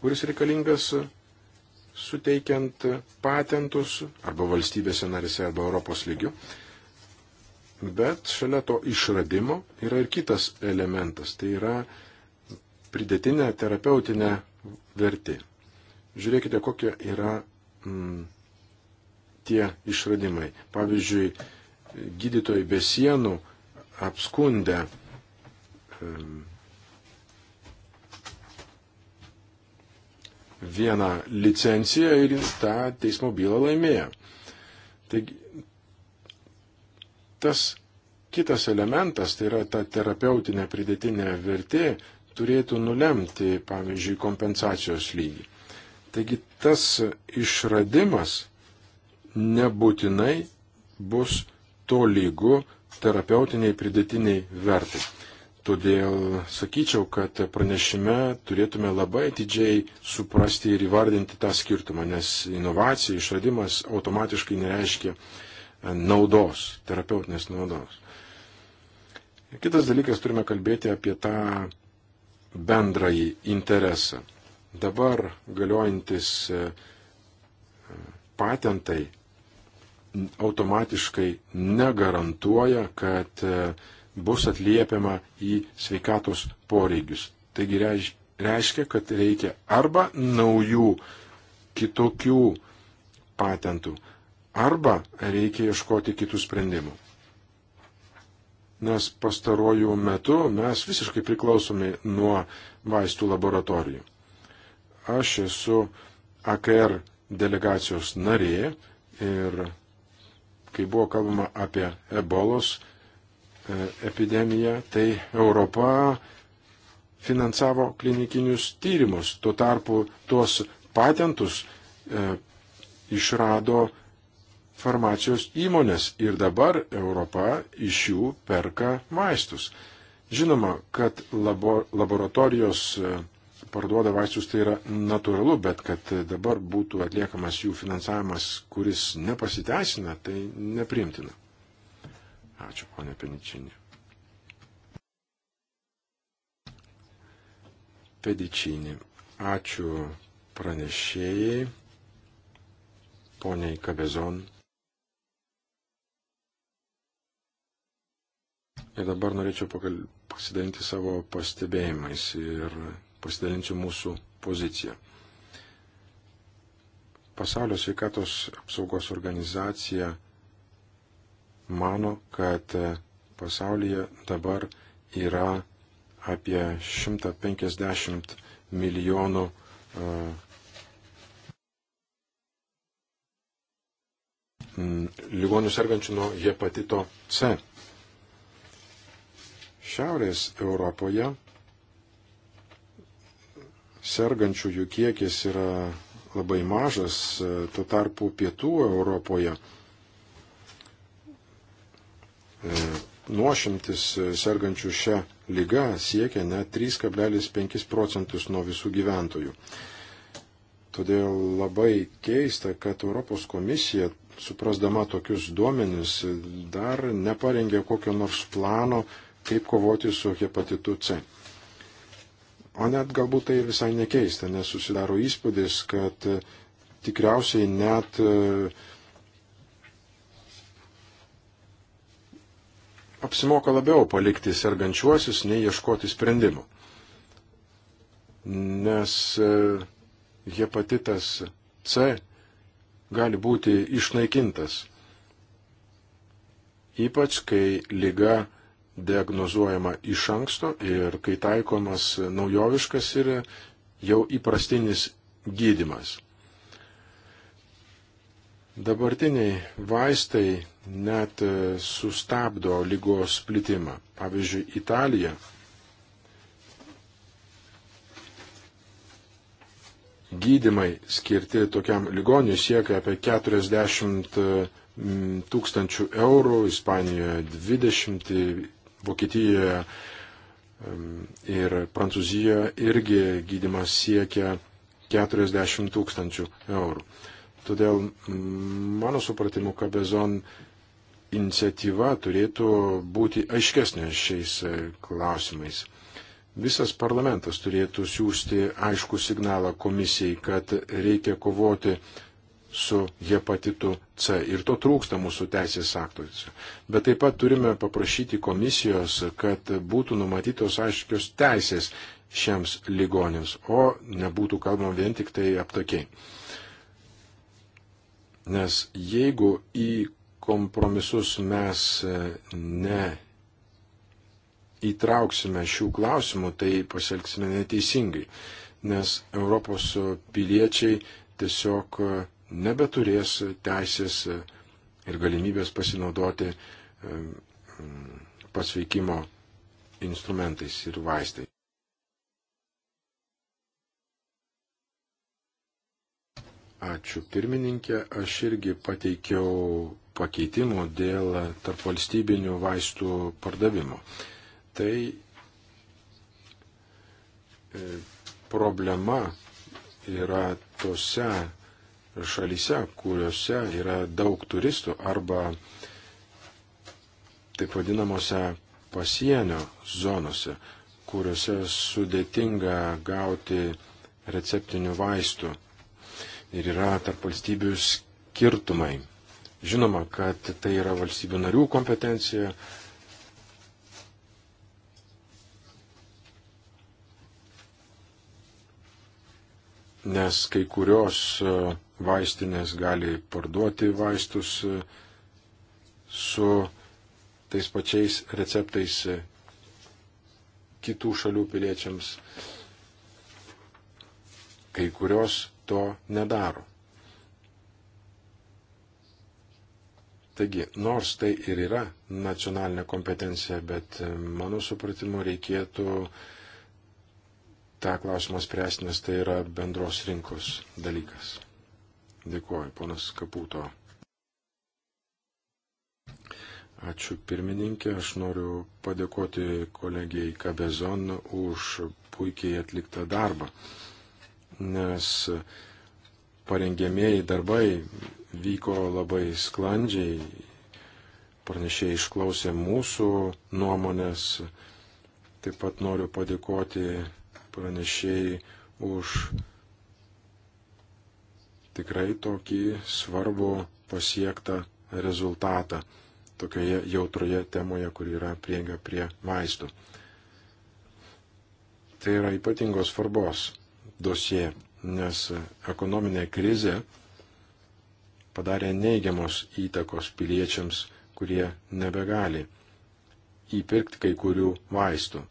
kuris reikalingas suteikiant patentus arba valstybėse narise arba Europos lygių. Bet šalia to išradimo yra ir kitas elementas, tai yra pridėtinė terapeutinė verti. Žiūrėkite, kokie yra mm, tie išradimai. Pavyzdžiui, gydytojai be sienų apskundę mm, vieną licenciją ir tą teismo bylą laimėjo. Taigi, tas kitas elementas, tai yra ta terapeutinė pridėtinė vertė, turėtų nulemti, pavyzdžiui, kompensacijos lygį. Taigi tas išradimas nebūtinai bus to lygu terapeutiniai pridėtiniai vertai. Todėl sakyčiau, kad pranešime turėtume labai didžiai suprasti ir įvardinti tą skirtumą, nes inovacija, išradimas automatiškai nereiškia naudos, terapeutinės naudos. Kitas dalykas, turime kalbėti apie tą bendrąjį interesą. Dabar galiojantis e, patentai automatiškai negarantuoja, kad e, bus atliepiama į sveikatos poreigius. Taigi reiškia, kad reikia arba naujų kitokių patentų, arba reikia ieškoti kitų sprendimų nes pastarojų metų mes visiškai priklausomi nuo vaistų laboratorijų. Aš esu AKR delegacijos narė ir kai buvo kalbama apie ebolos e, epidemiją, tai Europa finansavo klinikinius tyrimus. Tuo tarpu tuos patentus e, išrado farmacijos įmonės ir dabar Europa iš jų perka vaistus. Žinoma, kad labo, laboratorijos e, parduoda vaistus tai yra natūralu, bet kad dabar būtų atliekamas jų finansavimas, kuris nepasiteisina, tai neprimtina. Ačiū, ponė Peničinė. Pedičinė. Ačiū pranešėjai, poniai Kabezon Ir dabar norėčiau pakal... pasidalinti savo pastebėjimais ir pasidalinsiu mūsų poziciją. Pasaulio sveikatos apsaugos organizacija mano, kad pasaulyje dabar yra apie 150 milijonų e, ligonių sergančių nuo hepatito C. Šiaurės Europoje sergančiųjų kiekis yra labai mažas, e, tuo tarpu pietų Europoje e, nuošimtis e, sergančių šią lygą siekia net 3,5 procentus nuo visų gyventojų. Todėl labai keista, kad Europos komisija, suprasdama tokius duomenis, dar neparengė kokio nors plano, kaip kovoti su hepatitu C. O net galbūt tai visai nekeista, nes susidaro įspūdis, kad e, tikriausiai net e, apsimoka labiau palikti sergančiuosius, nei ieškoti sprendimų. Nes e, hepatitas C gali būti išnaikintas, ypač kai lyga diagnozuojama iš anksto ir kai taikomas naujoviškas ir jau įprastinis gydimas. Dabartiniai vaistai net sustabdo lygos plitimą. Pavyzdžiui, Italija gydimai skirti tokiam ligoniui siekia apie 40 mm, tūkstančių eurų, Ispanijoje 20, Vokietijoje ir Prancūzijoje irgi gydimas siekia 40 tūkstančių eurų. Todėl mano supratimu, Kabezon iniciatyva turėtų būti aiškesnė šiais e, klausimais. Visas parlamentas turėtų siūsti aišku signalą komisijai, kad reikia kovoti su hepatitu C ir to trūksta mūsų teisės aktuose. Bet taip pat turime paprašyti komisijos, kad būtų numatytos aiškios teisės šiems ligonėms, o nebūtų kalbama vien tik tai aptakiai. Nes jeigu į kompromisus mes e, ne įtrauksime šių klausimų, tai pasielgsime neteisingai, nes Europos piliečiai tiesiog e, nebeturės teisės ir galimybės pasinaudoti mm, pasveikimo instrumentais ir vaistai. Ačiū pirmininkė, aš irgi pateikiau pakeitimų dėl tarp valstybinių vaistų pardavimo. Tai e, problema yra tose šalyse, kuriuose yra daug turistų arba taip vadinamose pasienio zonose, kuriuose sudėtinga gauti receptinių vaistų ir yra tarp valstybių skirtumai. Žinoma, kad tai yra valstybių narių kompetencija. Nes kai kurios uh, vaistinės gali parduoti vaistus e, su tais pačiais receptais e, kitų šalių piliečiams. Kai kurios to nedaro. Taigi, nors tai ir yra nacionalinė kompetencija, bet e, mano supratimu reikėtų tą klausimą spręsti, nes tai yra bendros rinkos dalykas. Dėkuoju, ponas Kaputo. Ačiū pirmininkė, aš noriu padėkoti kolegijai Kabezon už puikiai atliktą darbą, nes parengėmėjai darbai vyko labai sklandžiai, pranešėjai išklausė mūsų nuomonės, taip pat noriu padėkoti pranešėjai už tikrai tokį svarbų pasiektą rezultatą tokioje jautroje temoje, kur yra prieiga prie vaistų. Tai yra ypatingos svarbos dosie, nes ekonominė krizė padarė neigiamos įtakos piliečiams, kurie nebegali įpirkti kai kurių vaistų.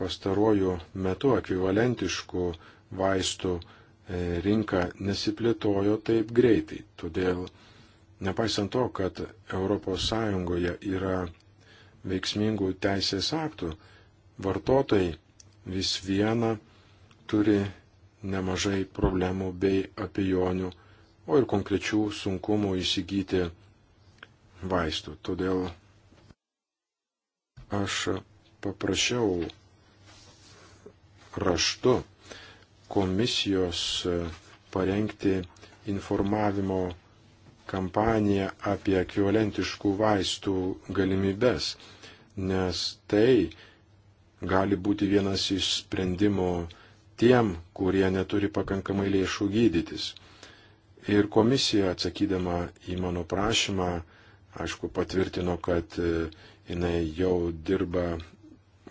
Pastaruoju metu ekvivalentiškų vaistų E, rinka nesiplėtojo taip greitai. Todėl, nepaisant to, kad ES yra veiksmingų teisės aktų, vartotojai vis viena turi nemažai problemų bei apijonių, o ir konkrečių sunkumų įsigyti vaistų. Todėl aš paprašiau raštu komisijos e, parengti informavimo kampaniją apie ekvivalentiškų vaistų galimybes, nes tai gali būti vienas iš sprendimo tiem, kurie neturi pakankamai lėšų gydytis. Ir komisija atsakydama į mano prašymą, aišku, patvirtino, kad e, jinai jau dirba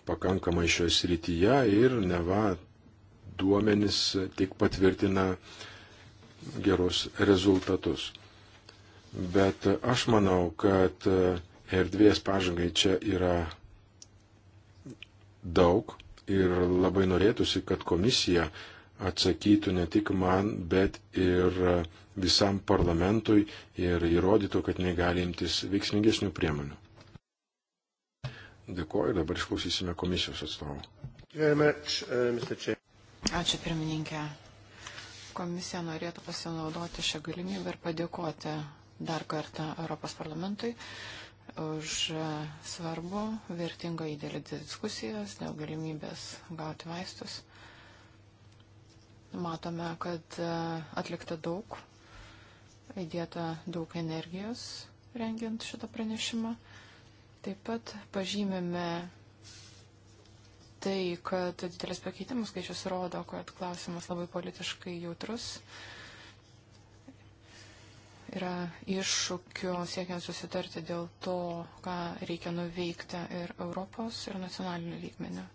pakankamai šioje srityje ir neva duomenys tik patvirtina gerus rezultatus. Bet aš manau, kad erdvės pažangai čia yra daug ir labai norėtųsi, kad komisija atsakytų ne tik man, bet ir visam parlamentui ir įrodytų, kad negali imtis veiksmingesnių priemonių. Dėkuoju, dabar išklausysime komisijos atstovų. Ačiū pirmininkė. Komisija norėtų pasinaudoti šią galimybę ir padėkoti dar kartą Europos parlamentui už svarbu, vertingą įdėlį diskusijas dėl galimybės gauti vaistus. Matome, kad atlikta daug, įdėta daug energijos rengiant šitą pranešimą. Taip pat pažymime tai, kad didelis pakeitimų skaičius rodo, kad klausimas labai politiškai jautrus. Yra iššūkių siekiant susitarti dėl to, ką reikia nuveikti ir Europos, ir nacionalinių lygmenių.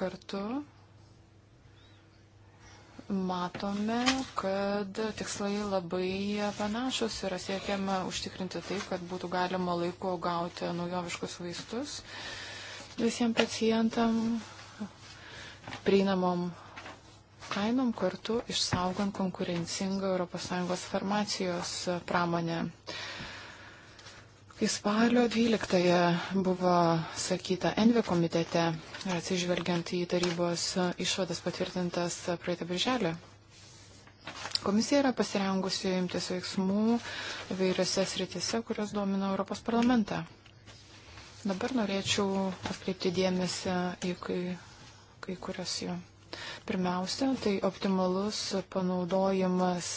Kartu matome, kad tikslai labai panašus yra siekiama užtikrinti tai, kad būtų galima laiku gauti naujoviškus vaistus, visiems pacientam prieinamom kainom kartu išsaugant konkurencingą ES farmacijos pramonę. Kai spalio 12 buvo sakyta Envi komitete ir atsižvelgiant į tarybos išvadas patvirtintas praeitą birželį, komisija yra pasirengusi imtis veiksmų vairiose sritise, kurios domina Europos parlamentą. Dabar norėčiau atkreipti dėmesį į kai, kai kurias jų. Pirmiausia, tai optimalus panaudojimas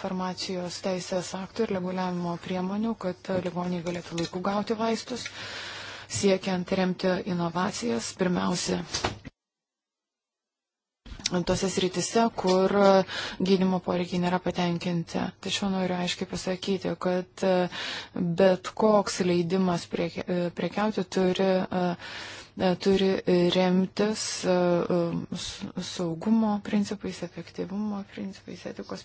farmacijos teisės aktų ir reguliavimo priemonių, kad ligoniai galėtų laiku gauti vaistus, siekiant remti inovacijas, pirmiausia, tose sritise, kur e, gydimo poreikiai nėra patenkinti. Tačiau noriu aiškiai pasakyti, kad e, bet koks leidimas priekiauti e, turi. Uh, E, turi remtis e, e, saugumo principais, efektyvumo principais, etikos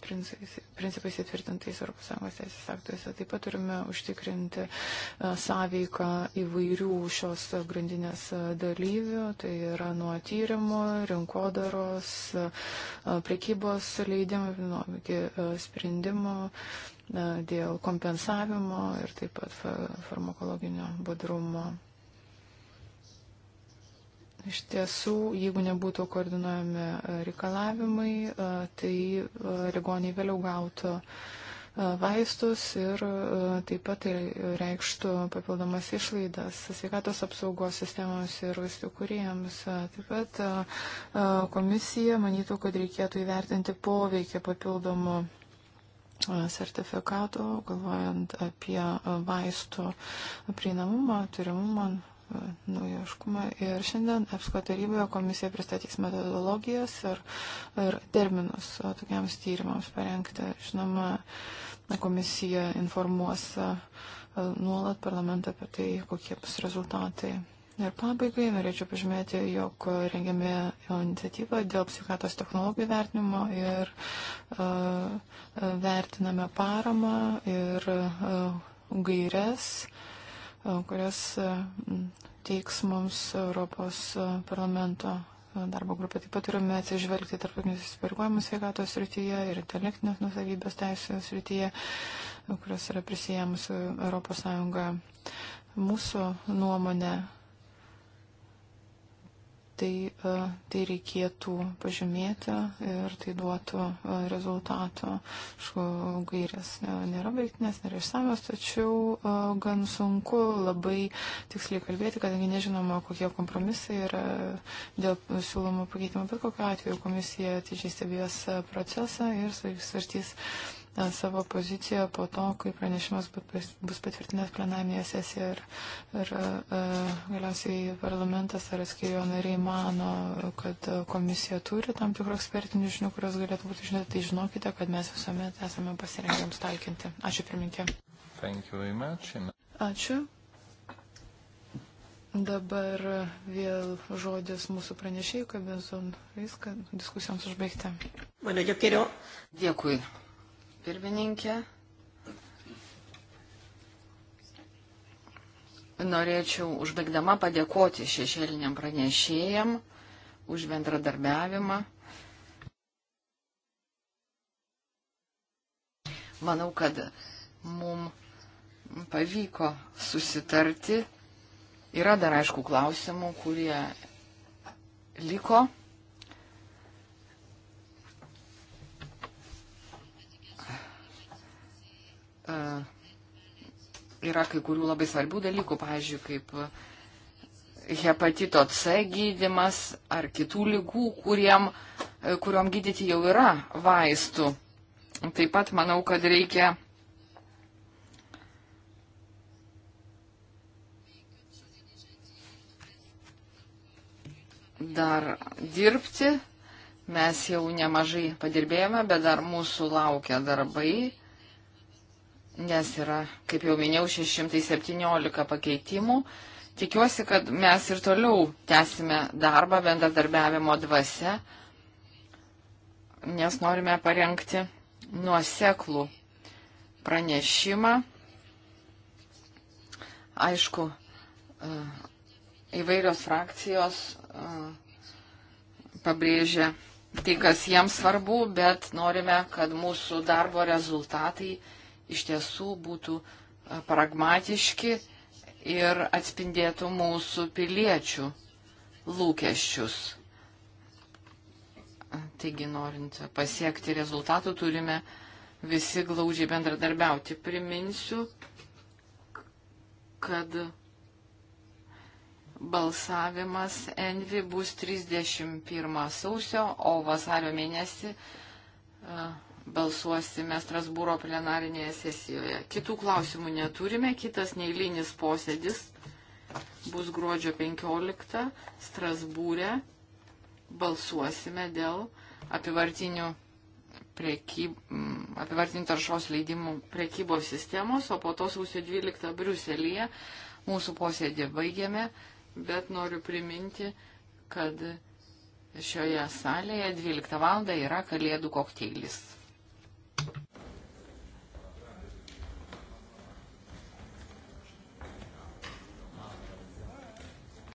principais įtvirtintais ES teisės aktuose. Taip pat turime užtikrinti sąveiką įvairių šios grandinės dalyvių, tai yra nuo tyrimo, rinkodaros, prekybos leidimų iki sprendimo dėl kompensavimo ir taip pat farmakologinio budrumo Iš tiesų, jeigu nebūtų koordinuojami e, reikalavimai, e, tai e, ligoniai vėliau gautų vaistus ir taip pat tai reikštų papildomas išlaidas sveikatos apsaugos sistemos ir vaistų kuriems. Taip pat komisija manytų, kad reikėtų įvertinti poveikį papildomų sertifikatų, galvojant apie vaistų prieinamumą, turimumą, naujoškumą. Ir šiandien EPSCO taryboje komisija pristatys metodologijas ir, ir terminus tokiems tyrimams parengti. Žinoma, komisija informuos e, nuolat parlamentą apie tai, kokie bus rezultatai. Ir pabaigai norėčiau pažymėti, jog rengiame iniciatyvą dėl psichatos technologijų vertinimo ir uh, vertiname paramą ir uh, gairias. Uh, kurias teiks mums Europos parlamento darbo grupė. Taip pat turime atsižvelgti tarptautinius įsipareigojimus sveikatos srityje ir intelektinės nusavybės teisės srityje, kurios yra prisijėmusi ES. Mūsų nuomonė tai, e, tai reikėtų pažymėti ir tai duotų e, rezultato. Šku, gairės nėra baigtinės, nėra išsamios, tačiau e, gan sunku labai tiksliai kalbėti, kadangi nežinoma, kokie kompromisai yra dėl siūlomų pakeitimų, bet kokiu atveju komisija atidžiai stebės procesą ir svarstys. Svar savo poziciją po to, kai pranešimas bus patvirtinęs plenarinėje sesijoje ir, ir galiausiai parlamentas ar atskiri jo nariai mano, kad komisija turi tam tikrų ekspertinių žinių, kurios galėtų būti žinoti, tai žinokite, kad mes visuomet esame pasirengę jums talkinti. Ačiū pirminkė. Ačiū. Dabar vėl žodis mūsų pranešėjų, kad mes viską diskusijoms užbaigti. Mane jau geriau. Dėkui pirmininkė. Norėčiau užbaigdama padėkoti šešėliniam pranešėjam už bendradarbiavimą. Manau, kad mums pavyko susitarti. Yra dar aišku klausimų, kurie liko. E, yra kai kurių labai svarbių dalykų, pavyzdžiui, kaip hepatito C gydimas ar kitų lygų, kuriem, e, kuriuom gydyti jau yra vaistų. Taip pat manau, kad reikia dar dirbti. Mes jau nemažai padirbėjome, bet dar mūsų laukia darbai nes yra, kaip jau minėjau, 617 pakeitimų. Tikiuosi, kad mes ir toliau tęsime darbą bendradarbiavimo dvasia, nes norime parengti nuoseklų pranešimą. Aišku, e, įvairios frakcijos e, pabrėžia tai, kas jiems svarbu, bet norime, kad mūsų darbo rezultatai iš tiesų būtų e, pragmatiški ir atspindėtų mūsų piliečių lūkesčius. Taigi, norint pasiekti rezultatų, turime visi glaudžiai bendradarbiauti. Priminsiu, kad balsavimas Envi bus 31 sausio, o vasario mėnesį uh, balsuosime Strasbūro plenarinėje sesijoje. Kitų klausimų neturime. Kitas neįlynis posėdis bus gruodžio 15 Strasbūrė. Balsuosime dėl apivartinių prekyb... Mm, apivartinių taršos leidimų prekybos sistemos, o po to sausio 12 Briuselėje mūsų posėdį baigėme, bet noriu priminti, kad šioje salėje 12 val. yra kalėdų kokteilis.